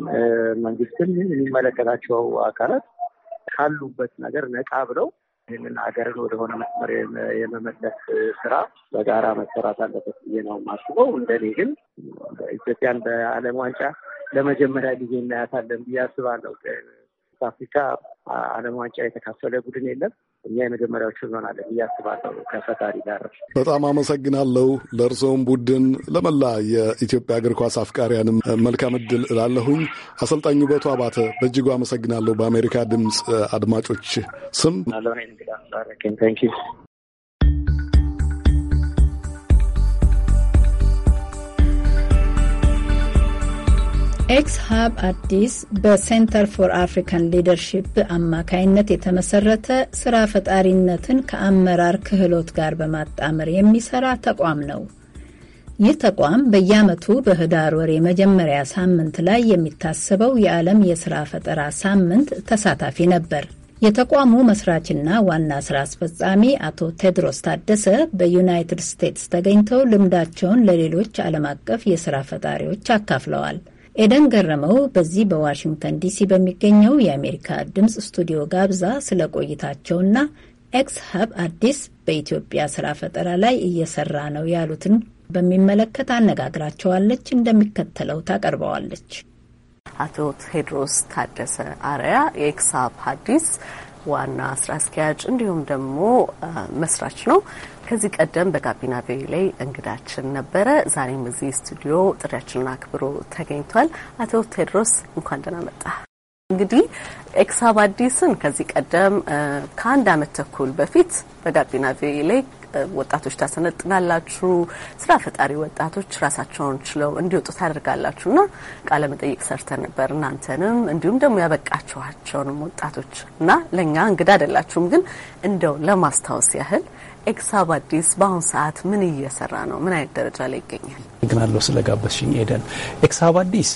መንግስትም የሚመለከታቸው አካላት ካሉበት ነገር ነቃ ብለው ይህንን ሀገርን ወደሆነ መስመር የመመለስ ስራ በጋራ መሰራት አለበት ብዬ ነው የማስበው። እንደኔ ግን ኢትዮጵያን በዓለም ዋንጫ ለመጀመሪያ ጊዜ እናያታለን ብዬ አስባለሁ። አፍሪካ ዓለም ዋንጫ የተካፈለ ቡድን የለም። እኛ የመጀመሪያዎቹ እንሆናለን ብዬ አስባለሁ ከፈጣሪ ጋር። በጣም አመሰግናለሁ። ለእርስዎም ቡድን፣ ለመላ የኢትዮጵያ እግር ኳስ አፍቃሪያንም መልካም እድል እላለሁኝ። አሰልጣኙ ውበቱ አባተ በእጅጉ አመሰግናለሁ በአሜሪካ ድምፅ አድማጮች ስም። ኤክስ ሀብ አዲስ በሴንተር ፎር አፍሪካን ሊደርሺፕ አማካይነት የተመሰረተ ስራ ፈጣሪነትን ከአመራር ክህሎት ጋር በማጣመር የሚሰራ ተቋም ነው። ይህ ተቋም በየዓመቱ በህዳር ወር የመጀመሪያ ሳምንት ላይ የሚታሰበው የዓለም የሥራ ፈጠራ ሳምንት ተሳታፊ ነበር። የተቋሙ መስራችና ዋና ስራ አስፈጻሚ አቶ ቴድሮስ ታደሰ በዩናይትድ ስቴትስ ተገኝተው ልምዳቸውን ለሌሎች ዓለም አቀፍ የስራ ፈጣሪዎች አካፍለዋል። ኤደን ገረመው በዚህ በዋሽንግተን ዲሲ በሚገኘው የአሜሪካ ድምፅ ስቱዲዮ ጋብዛ ስለ ቆይታቸውና ኤክስ ሀብ አዲስ በኢትዮጵያ ስራ ፈጠራ ላይ እየሰራ ነው ያሉትን በሚመለከት አነጋግራቸዋለች። እንደሚከተለው ታቀርበዋለች። አቶ ቴድሮስ ታደሰ አርያ የኤክስ ሀብ አዲስ ዋና ስራ አስኪያጅ እንዲሁም ደግሞ መስራች ነው። ከዚህ ቀደም በጋቢና ቪኦኤ ላይ እንግዳችን ነበረ። ዛሬም እዚህ ስቱዲዮ ጥሪያችንን አክብሮ ተገኝቷል። አቶ ቴድሮስ እንኳን ደህና መጣ። እንግዲህ ኤክሳብ አዲስን ከዚህ ቀደም ከአንድ አመት ተኩል በፊት በጋቢና ቪ ላይ ወጣቶች ታሰነጥናላችሁ፣ ስራ ፈጣሪ ወጣቶች ራሳቸውን ችለው እንዲወጡ ታደርጋላችሁ እና ቃለ መጠይቅ ሰርተን ነበር። እናንተንም እንዲሁም ደግሞ ያበቃችኋቸውንም ወጣቶች እና ለእኛ እንግዳ አይደላችሁም፣ ግን እንደው ለማስታወስ ያህል ኤክሳብ አዲስ በአሁን ሰዓት ምን እየሰራ ነው? ምን አይነት ደረጃ ላይ ይገኛል? ግናለሁ ስለጋበዝሽኝ ኤደን። ኤክሳብ አዲስ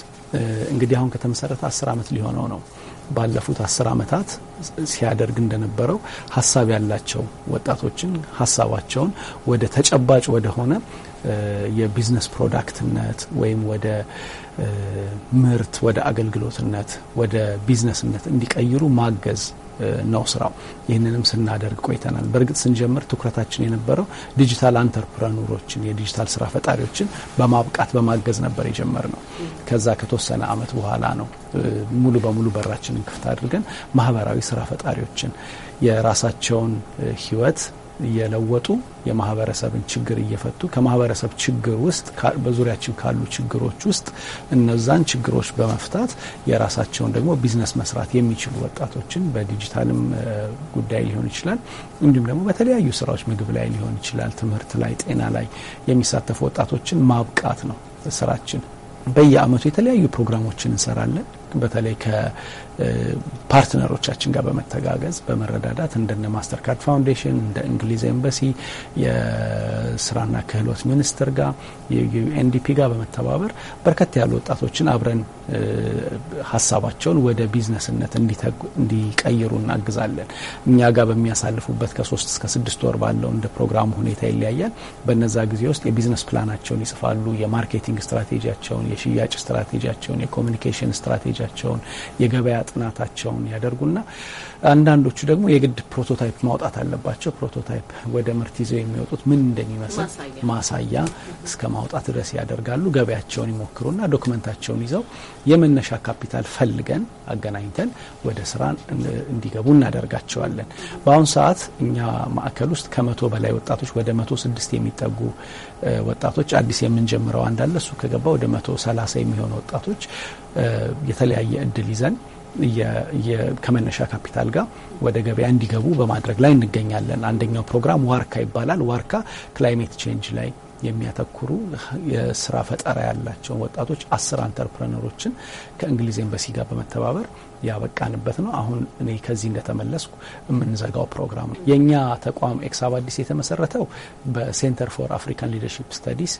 እንግዲህ አሁን ከተመሰረተ አስር ዓመት ሊሆነው ነው። ባለፉት አስር ዓመታት ሲያደርግ እንደነበረው ሀሳብ ያላቸው ወጣቶችን ሀሳባቸውን ወደ ተጨባጭ ወደሆነ የቢዝነስ ፕሮዳክትነት ወይም ወደ ምርት፣ ወደ አገልግሎትነት፣ ወደ ቢዝነስነት እንዲቀይሩ ማገዝ ነው ስራው። ይህንንም ስናደርግ ቆይተናል። በእርግጥ ስንጀምር ትኩረታችን የነበረው ዲጂታል አንተርፕረኑሮችን የዲጂታል ስራ ፈጣሪዎችን በማብቃት በማገዝ ነበር የጀመር ነው። ከዛ ከተወሰነ አመት በኋላ ነው ሙሉ በሙሉ በራችንን ክፍት አድርገን ማህበራዊ ስራ ፈጣሪዎችን የራሳቸውን ህይወት እየለወጡ የማህበረሰብን ችግር እየፈቱ ከማህበረሰብ ችግር ውስጥ በዙሪያችን ካሉ ችግሮች ውስጥ እነዛን ችግሮች በመፍታት የራሳቸውን ደግሞ ቢዝነስ መስራት የሚችሉ ወጣቶችን በዲጂታልም ጉዳይ ሊሆን ይችላል፣ እንዲሁም ደግሞ በተለያዩ ስራዎች ምግብ ላይ ሊሆን ይችላል፣ ትምህርት ላይ፣ ጤና ላይ የሚሳተፉ ወጣቶችን ማብቃት ነው ስራችን። በየአመቱ የተለያዩ ፕሮግራሞችን እንሰራለን። በተለይ ፓርትነሮቻችን ጋር በመተጋገዝ በመረዳዳት እንደነ ማስተርካርድ ፋውንዴሽን እንደ እንግሊዝ ኤምባሲ የስራና ክህሎት ሚኒስቴር ጋር የዩኤንዲፒ ጋር በመተባበር በርከት ያሉ ወጣቶችን አብረን ሀሳባቸውን ወደ ቢዝነስነት እንዲቀይሩ እናግዛለን። እኛ ጋር በሚያሳልፉበት ከሶስት እስከ ስድስት ወር ባለው እንደ ፕሮግራሙ ሁኔታ ይለያያል። በነዛ ጊዜ ውስጥ የቢዝነስ ፕላናቸውን ይጽፋሉ። የማርኬቲንግ ስትራቴጂያቸውን፣ የሽያጭ ስትራቴጂያቸውን፣ የኮሚኒኬሽን ስትራቴጂያቸውን፣ የገበያ ጥናታቸውን ያደርጉና አንዳንዶቹ ደግሞ የግድ ፕሮቶታይፕ ማውጣት አለባቸው። ፕሮቶታይፕ ወደ ምርት ይዘው የሚወጡት ምን እንደሚመስል ማሳያ እስከ ማውጣት ድረስ ያደርጋሉ። ገበያቸውን ይሞክሩና ዶክመንታቸውን ይዘው የመነሻ ካፒታል ፈልገን አገናኝተን ወደ ስራ እንዲገቡ እናደርጋቸዋለን። በአሁኑ ሰዓት እኛ ማዕከል ውስጥ ከመቶ በላይ ወጣቶች ወደ መቶ ስድስት የሚጠጉ ወጣቶች አዲስ የምንጀምረው አንዳለ እሱ ከገባ ወደ መቶ ሰላሳ የሚሆኑ ወጣቶች የተለያየ እድል ይዘን ከመነሻ ካፒታል ጋር ወደ ገበያ እንዲገቡ በማድረግ ላይ እንገኛለን። አንደኛው ፕሮግራም ዋርካ ይባላል። ዋርካ ክላይሜት ቼንጅ ላይ የሚያተኩሩ የስራ ፈጠራ ያላቸውን ወጣቶች አስር አንተርፕረነሮችን ከእንግሊዝ ኤምባሲ ጋር በመተባበር ያበቃንበት ነው። አሁን እኔ ከዚህ እንደተመለስኩ የምንዘጋው ፕሮግራም ነው። የእኛ ተቋም ኤክሳብ አዲስ የተመሰረተው በሴንተር ፎር አፍሪካን ሊደርሽፕ ስተዲስ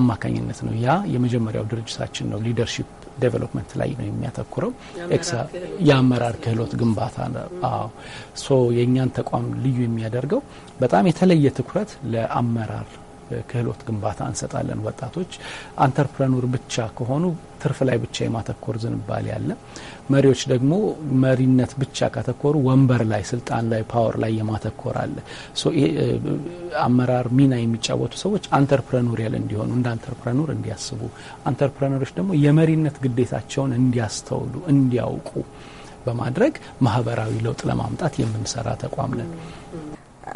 አማካኝነት ነው። ያ የመጀመሪያው ድርጅታችን ነው። ሊደርሽፕ ዴቨሎፕመንት ላይ ነው የሚያተኩረው። የአመራር ክህሎት ግንባታ ነው። ሶ የእኛን ተቋም ልዩ የሚያደርገው በጣም የተለየ ትኩረት ለአመራር ክህሎት ግንባታ እንሰጣለን። ወጣቶች አንተርፕረኑር ብቻ ከሆኑ ትርፍ ላይ ብቻ የማተኮር ዝንባሌ አለ። መሪዎች ደግሞ መሪነት ብቻ ካተኮሩ ወንበር ላይ፣ ስልጣን ላይ፣ ፓወር ላይ የማተኮር አለ። አመራር ሚና የሚጫወቱ ሰዎች አንተርፕረኑሪያል እንዲሆኑ እንደ አንተርፕረኑር እንዲያስቡ፣ አንተርፕረነሮች ደግሞ የመሪነት ግዴታቸውን እንዲያስተውሉ እንዲያውቁ በማድረግ ማህበራዊ ለውጥ ለማምጣት የምንሰራ ተቋም ነን።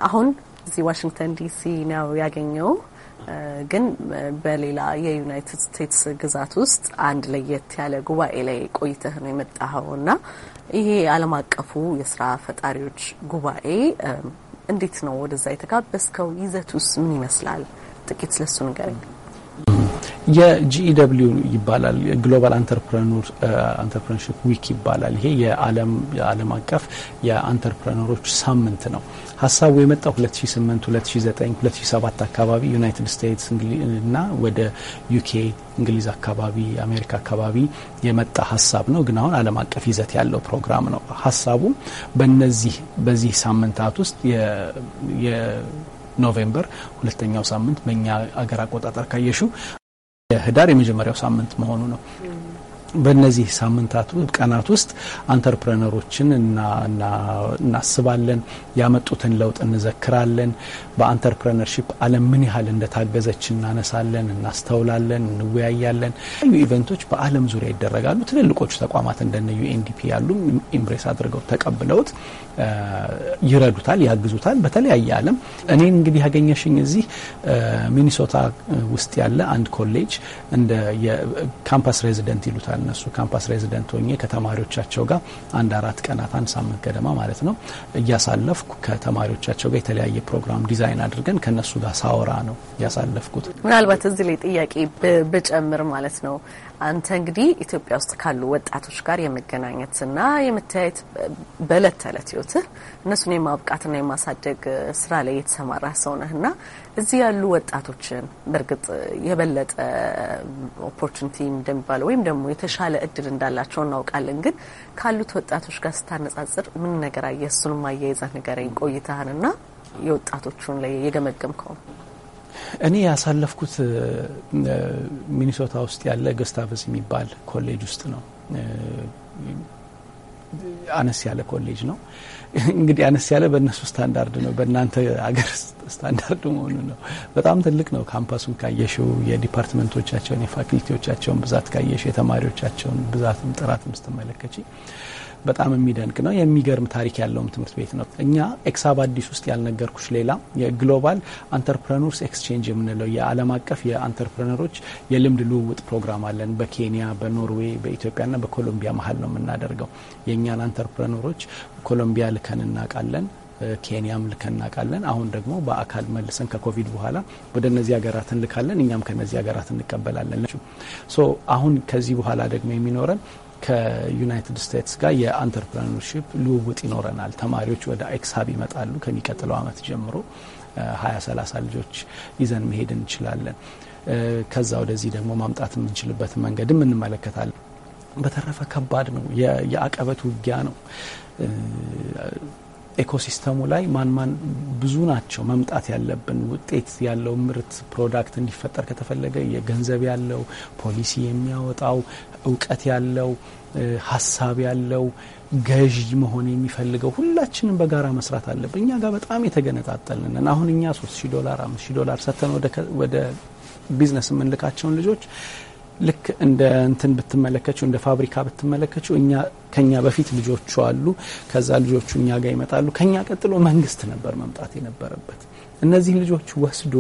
አሁን እዚህ ዋሽንግተን ዲሲ ነው ያገኘው። ግን በሌላ የዩናይትድ ስቴትስ ግዛት ውስጥ አንድ ለየት ያለ ጉባኤ ላይ ቆይተህ ነው የመጣኸው እና ይሄ ዓለም አቀፉ የስራ ፈጣሪዎች ጉባኤ እንዴት ነው ወደዛ የተጋበዝከው? ይዘቱስ ምን ይመስላል? ጥቂት ስለሱ ንገረኝ። የጂኢደብሊዩ ይባላል ግሎባል አንተርፕረኖር አንተርፕረነርሽፕ ዊክ ይባላል። ይሄ የዓለም አቀፍ የአንተርፕረነሮች ሳምንት ነው። ሀሳቡ የመጣው 2008 2009 2007 አካባቢ ዩናይትድ ስቴትስ እና ወደ ዩኬ እንግሊዝ አካባቢ አሜሪካ አካባቢ የመጣ ሀሳብ ነው። ግን አሁን ዓለም አቀፍ ይዘት ያለው ፕሮግራም ነው። ሀሳቡ በነዚህ በዚህ ሳምንታት ውስጥ የኖቬምበር ሁለተኛው ሳምንት በእኛ አገር አቆጣጠር ካየሽው የህዳር የመጀመሪያው ሳምንት መሆኑ ነው። በእነዚህ ሳምንታት ቀናት ውስጥ አንተርፕረነሮችን እናስባለን፣ ያመጡትን ለውጥ እንዘክራለን። በአንተርፕረነርሽፕ ዓለም ምን ያህል እንደታገዘች እናነሳለን፣ እናስተውላለን፣ እንወያያለን። ዩ ኢቨንቶች በዓለም ዙሪያ ይደረጋሉ። ትልልቆቹ ተቋማት እንደነ ዩኤንዲፒ ያሉ ኢምብሬስ አድርገው ተቀብለውት ይረዱታል፣ ያግዙታል። በተለያየ ዓለም እኔ እንግዲህ ያገኘሽኝ እዚህ ሚኒሶታ ውስጥ ያለ አንድ ኮሌጅ እንደ ካምፓስ ሬዚደንት ይሉታል እነሱ ካምፓስ ሬዚደንት ሆኜ ከተማሪዎቻቸው ጋር አንድ አራት ቀናት አንድ ሳምንት ገደማ ማለት ነው እያሳለፍኩ ከተማሪዎቻቸው ጋር የተለያየ ፕሮግራም ዲዛይን ዲዛይን አድርገን ከነሱ ጋር ሳወራ ነው ያሳለፍኩት። ምናልባት እዚህ ላይ ጥያቄ ብጨምር ማለት ነው አንተ እንግዲህ ኢትዮጵያ ውስጥ ካሉ ወጣቶች ጋር የመገናኘትና የመተያየት በእለት ተዕለት ህይወትህ እነሱን የማብቃትና የማሳደግ ስራ ላይ የተሰማራ ሰው ነህና እዚህ ያሉ ወጣቶችን በእርግጥ የበለጠ ኦፖርቹኒቲ እንደሚባለው ወይም ደግሞ የተሻለ እድል እንዳላቸው እናውቃለን። ግን ካሉት ወጣቶች ጋር ስታነጻጽር ምን ነገር አየህ? እሱንም አያይዘህ ንገረኝ ቆይታህንና የወጣቶቹን ላይ የገመገምከው? እኔ ያሳለፍኩት ሚኒሶታ ውስጥ ያለ ገስታቨስ የሚባል ኮሌጅ ውስጥ ነው። አነስ ያለ ኮሌጅ ነው። እንግዲህ አነስ ያለ በእነሱ ስታንዳርድ ነው፣ በእናንተ አገር ስታንዳርድ መሆኑ ነው። በጣም ትልቅ ነው። ካምፓሱን ካየሽው፣ የዲፓርትመንቶቻቸውን የፋክልቲዎቻቸውን ብዛት ካየሽ፣ የተማሪዎቻቸውን ብዛትም ጥራትም ስትመለከች በጣም የሚደንቅ ነው። የሚገርም ታሪክ ያለውም ትምህርት ቤት ነው። እኛ ኤክሳብ አዲስ ውስጥ ያልነገርኩች ሌላ የግሎባል አንተርፕረኖርስ ኤክስቼንጅ የምንለው የዓለም አቀፍ የአንተርፕረነሮች የልምድ ልውውጥ ፕሮግራም አለን። በኬንያ፣ በኖርዌይ፣ በኢትዮጵያና በኮሎምቢያ መሀል ነው የምናደርገው። የእኛን አንተርፕረነሮች ኮሎምቢያ ልከን እናውቃለን። ኬንያም ልከን እናውቃለን። አሁን ደግሞ በአካል መልሰን ከኮቪድ በኋላ ወደ እነዚህ ሀገራት እንልካለን። እኛም ከነዚህ ሀገራት እንቀበላለን። ሶ አሁን ከዚህ በኋላ ደግሞ የሚኖረን ከዩናይትድ ስቴትስ ጋር የአንተርፕረነርሺፕ ልውውጥ ይኖረናል። ተማሪዎች ወደ ኤክስሀብ ይመጣሉ። ከሚቀጥለው አመት ጀምሮ 20 ሰላሳ ልጆች ይዘን መሄድ እንችላለን። ከዛ ወደዚህ ደግሞ ማምጣት የምንችልበት መንገድም እንመለከታለን። በተረፈ ከባድ ነው። የአቀበት ውጊያ ነው። ኤኮሲስተሙ ላይ ማን ማን ብዙ ናቸው መምጣት ያለብን ውጤት ያለው ምርት ፕሮዳክት እንዲፈጠር ከተፈለገ የገንዘብ ያለው ፖሊሲ የሚያወጣው እውቀት ያለው ሀሳብ ያለው ገዥ መሆን የሚፈልገው ሁላችንም በጋራ መስራት አለብን። እኛ ጋር በጣም የተገነጣጠልንን አሁን እኛ ሶስት ዶላር አምስት ዶላር ሰጥተን ወደ ቢዝነስ የምንልካቸውን ልጆች ልክ እንደ እንትን ብትመለከችው እንደ ፋብሪካ ብትመለከችው እኛ ከኛ በፊት ልጆቹ አሉ። ከዛ ልጆቹ እኛ ጋር ይመጣሉ። ከኛ ቀጥሎ መንግስት ነበር መምጣት የነበረበት። እነዚህ ልጆች ወስዶ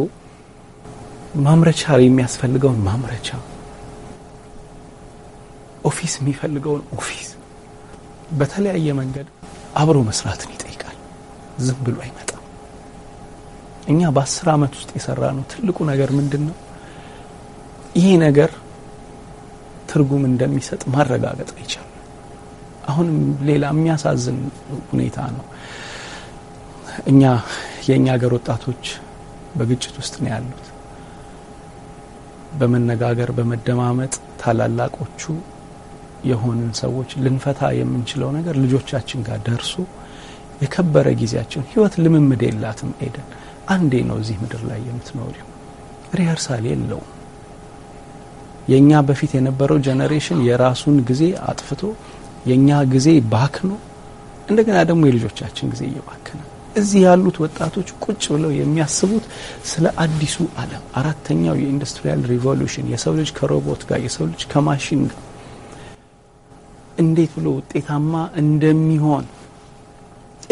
ማምረቻ የሚያስፈልገውን ማምረቻ፣ ኦፊስ የሚፈልገውን ኦፊስ በተለያየ መንገድ አብሮ መስራትን ይጠይቃል። ዝም ብሎ አይመጣም። እኛ በአስር አመት ውስጥ የሰራ ነው ትልቁ ነገር ምንድን ነው ይሄ ነገር ትርጉም እንደሚሰጥ ማረጋገጥ አይቻልም። አሁንም ሌላ የሚያሳዝን ሁኔታ ነው። እኛ የእኛ ሀገር ወጣቶች በግጭት ውስጥ ነው ያሉት። በመነጋገር በመደማመጥ ታላላቆቹ የሆንን ሰዎች ልንፈታ የምንችለው ነገር ልጆቻችን ጋር ደርሶ የከበረ ጊዜያቸውን ህይወት ልምምድ የላትም። ኤደን አንዴ ነው እዚህ ምድር ላይ የምትኖሪው። ሪሀርሳል የለውም። የእኛ በፊት የነበረው ጀኔሬሽን የራሱን ጊዜ አጥፍቶ የእኛ ጊዜ ባክኖ እንደገና ደግሞ የልጆቻችን ጊዜ ነው። እዚህ ያሉት ወጣቶች ቁጭ ብለው የሚያስቡት ስለ አዲሱ ዓለም አራተኛው የኢንዱስትሪያል ሪቮሉሽን የሰው ልጅ ከሮቦት ጋር የሰው ልጅ ከማሽን ጋር እንዴት ብሎ ውጤታማ እንደሚሆን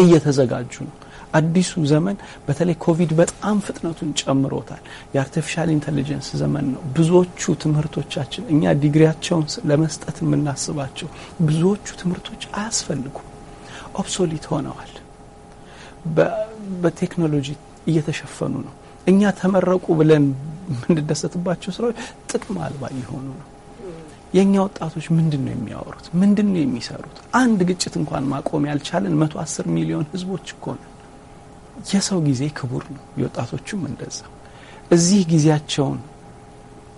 እየተዘጋጁ ነው። አዲሱ ዘመን በተለይ ኮቪድ በጣም ፍጥነቱን ጨምሮታል። የአርቲፊሻል ኢንቴሊጀንስ ዘመን ነው። ብዙዎቹ ትምህርቶቻችን እኛ ዲግሪያቸውን ለመስጠት የምናስባቸው ብዙዎቹ ትምህርቶች አያስፈልጉም፣ ኦብሶሊት ሆነዋል። በቴክኖሎጂ እየተሸፈኑ ነው። እኛ ተመረቁ ብለን የምንደሰትባቸው ስራዎች ጥቅም አልባ እየሆኑ ነው። የእኛ ወጣቶች ምንድን ነው የሚያወሩት? ምንድን ነው የሚሰሩት? አንድ ግጭት እንኳን ማቆም ያልቻለን መቶ አስር ሚሊዮን ህዝቦች እኮ ነው። የሰው ጊዜ ክቡር ነው። የወጣቶቹም እንደዛ እዚህ ጊዜያቸውን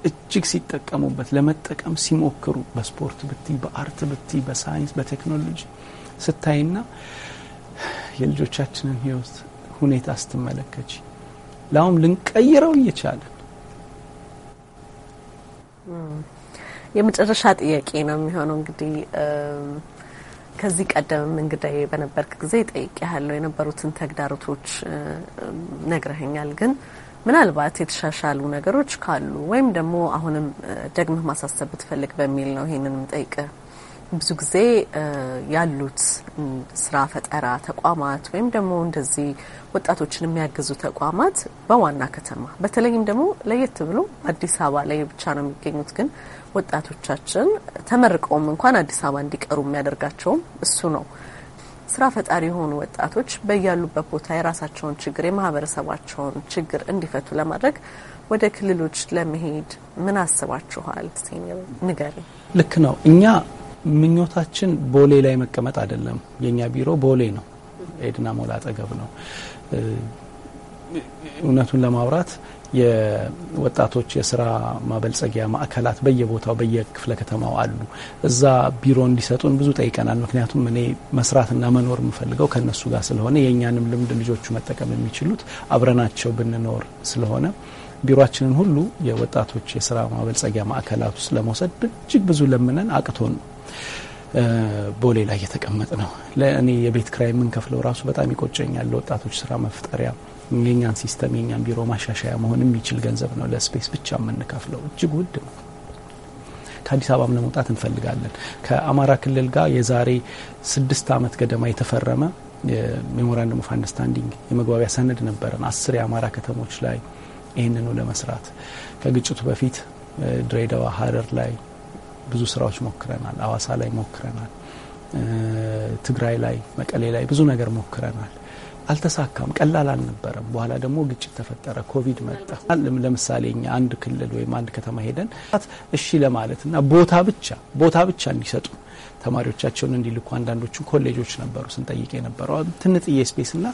እጅግ ሲጠቀሙበት ለመጠቀም ሲሞክሩ በስፖርት ብቲ፣ በአርት ብቲ፣ በሳይንስ በቴክኖሎጂ ስታይና የልጆቻችንን ህይወት ሁኔታ ስትመለከች ለአሁን ልንቀይረው እየቻለን የመጨረሻ ጥያቄ ነው የሚሆነው እንግዲህ ከዚህ ቀደምም እንግዳዬ በነበርክ ጊዜ ያለው የነበሩትን ተግዳሮቶች ነግረኸኛል። ግን ምናልባት የተሻሻሉ ነገሮች ካሉ ወይም ደግሞ አሁንም ደግመህ ማሳሰብ ብትፈልግ በሚል ነው ይህንን የምጠይቅህ። ብዙ ጊዜ ያሉት ስራ ፈጠራ ተቋማት ወይም ደግሞ እንደዚህ ወጣቶችን የሚያግዙ ተቋማት በዋና ከተማ በተለይም ደግሞ ለየት ብሎ አዲስ አበባ ላይ ብቻ ነው የሚገኙት ግን ወጣቶቻችን ተመርቀውም እንኳን አዲስ አበባ እንዲቀሩ የሚያደርጋቸውም እሱ ነው። ስራ ፈጣሪ የሆኑ ወጣቶች በያሉበት ቦታ የራሳቸውን ችግር የማህበረሰባቸውን ችግር እንዲፈቱ ለማድረግ ወደ ክልሎች ለመሄድ ምን አስባችኋል? ንገሪ። ልክ ነው። እኛ ምኞታችን ቦሌ ላይ መቀመጥ አይደለም። የእኛ ቢሮ ቦሌ ነው፣ ኤድና ሞል አጠገብ ነው። እውነቱን ለማውራት የወጣቶች የስራ ማበልጸጊያ ማዕከላት በየቦታው በየክፍለ ከተማው አሉ። እዛ ቢሮ እንዲሰጡን ብዙ ጠይቀናል። ምክንያቱም እኔ መስራትና መኖር የምፈልገው ከእነሱ ጋር ስለሆነ የእኛንም ልምድ ልጆቹ መጠቀም የሚችሉት አብረናቸው ብንኖር ስለሆነ ቢሮችንን ሁሉ የወጣቶች የስራ ማበልጸጊያ ማዕከላት ውስጥ ለመውሰድ እጅግ ብዙ ለምነን አቅቶን ቦሌ ላይ የተቀመጥ ነው። ለእኔ የቤት ክራይ የምንከፍለው ራሱ በጣም ይቆጨኛል። ለወጣቶች ስራ መፍጠሪያ የኛን ሲስተም የኛን ቢሮ ማሻሻያ መሆን የሚችል ገንዘብ ነው። ለስፔስ ብቻ የምንከፍለው እጅግ ውድ ነው። ከአዲስ አበባም ለመውጣት እንፈልጋለን። ከአማራ ክልል ጋር የዛሬ ስድስት ዓመት ገደማ የተፈረመ የሜሞራንደም ኦፍ አንደርስታንዲንግ የመግባቢያ ሰነድ ነበረን አስር የአማራ ከተሞች ላይ ይህንኑ ለመስራት ከግጭቱ በፊት ድሬዳዋ፣ ሀረር ላይ ብዙ ስራዎች ሞክረናል። አዋሳ ላይ ሞክረናል። ትግራይ ላይ መቀሌ ላይ ብዙ ነገር ሞክረናል። አልተሳካም። ቀላል አልነበረም። በኋላ ደግሞ ግጭት ተፈጠረ፣ ኮቪድ መጣ። ለምሳሌ እኛ አንድ ክልል ወይም አንድ ከተማ ሄደን እሺ ለማለት እና ቦታ ብቻ ቦታ ብቻ እንዲሰጡ ተማሪዎቻቸውን እንዲልኩ አንዳንዶቹ ኮሌጆች ነበሩ ስንጠይቅ የነበረው ትንጥዬ ስፔስ እና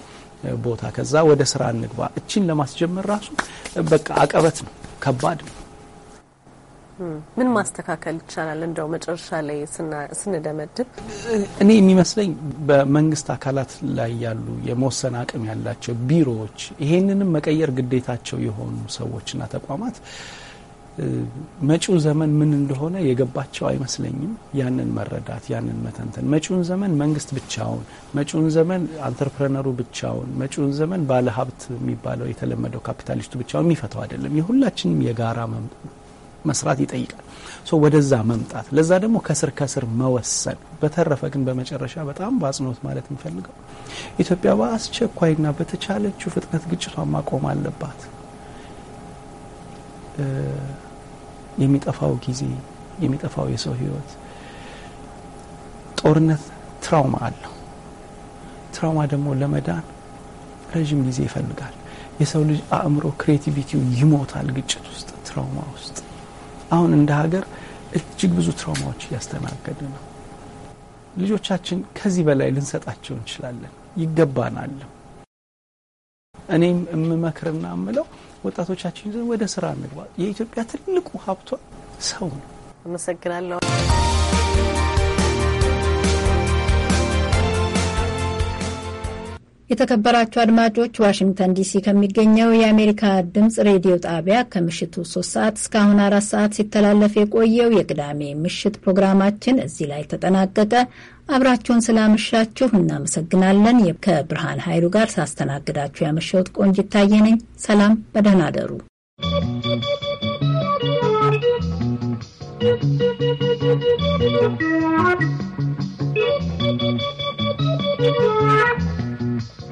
ቦታ ከዛ ወደ ስራ እንግባ እችን ለማስጀመር ራሱ በቃ አቀበት ነው፣ ከባድ ነው። ምን ማስተካከል ይቻላል? እንደው መጨረሻ ላይ ስንደመድብ እኔ የሚመስለኝ በመንግስት አካላት ላይ ያሉ የመወሰን አቅም ያላቸው ቢሮዎች፣ ይሄንንም መቀየር ግዴታቸው የሆኑ ሰዎችና ተቋማት መጪው ዘመን ምን እንደሆነ የገባቸው አይመስለኝም። ያንን መረዳት ያንን መተንተን መጪውን ዘመን መንግስት ብቻውን፣ መጪውን ዘመን አንትርፕረነሩ ብቻውን፣ መጪውን ዘመን ባለሀብት የሚባለው የተለመደው ካፒታሊስቱ ብቻውን የሚፈታው አይደለም። የሁላችንም የጋራ መስራት ይጠይቃል። ሶ ወደዛ መምጣት ለዛ ደግሞ ከስር ከስር መወሰን። በተረፈ ግን በመጨረሻ በጣም በአጽንኦት ማለት የምፈልገው ኢትዮጵያ በአስቸኳይና በተቻለችው ፍጥነት ግጭቷን ማቆም አለባት። የሚጠፋው ጊዜ የሚጠፋው የሰው ህይወት ጦርነት ትራውማ አለው። ትራውማ ደግሞ ለመዳን ረዥም ጊዜ ይፈልጋል። የሰው ልጅ አእምሮ ክሬቲቪቲው ይሞታል ግጭት ውስጥ ትራውማ ውስጥ አሁን እንደ ሀገር እጅግ ብዙ ትራውማዎች እያስተናገድ ነው። ልጆቻችን ከዚህ በላይ ልንሰጣቸው እንችላለን፣ ይገባናል። እኔም የምመክርና የምለው ወጣቶቻችን ወደ ስራ እንግባ። የኢትዮጵያ ትልቁ ሀብቷ ሰው ነው። አመሰግናለሁ። የተከበራችሁ አድማጮች ዋሽንግተን ዲሲ ከሚገኘው የአሜሪካ ድምፅ ሬዲዮ ጣቢያ ከምሽቱ ሶስት ሰዓት እስካሁን አራት ሰዓት ሲተላለፍ የቆየው የቅዳሜ ምሽት ፕሮግራማችን እዚህ ላይ ተጠናቀቀ። አብራችሁን ስላመሻችሁ እናመሰግናለን። ከብርሃን ኃይሉ ጋር ሳስተናግዳችሁ ያመሸሁት ቆንጅ ይታየ ነኝ። ሰላም፣ በደህና አደሩ።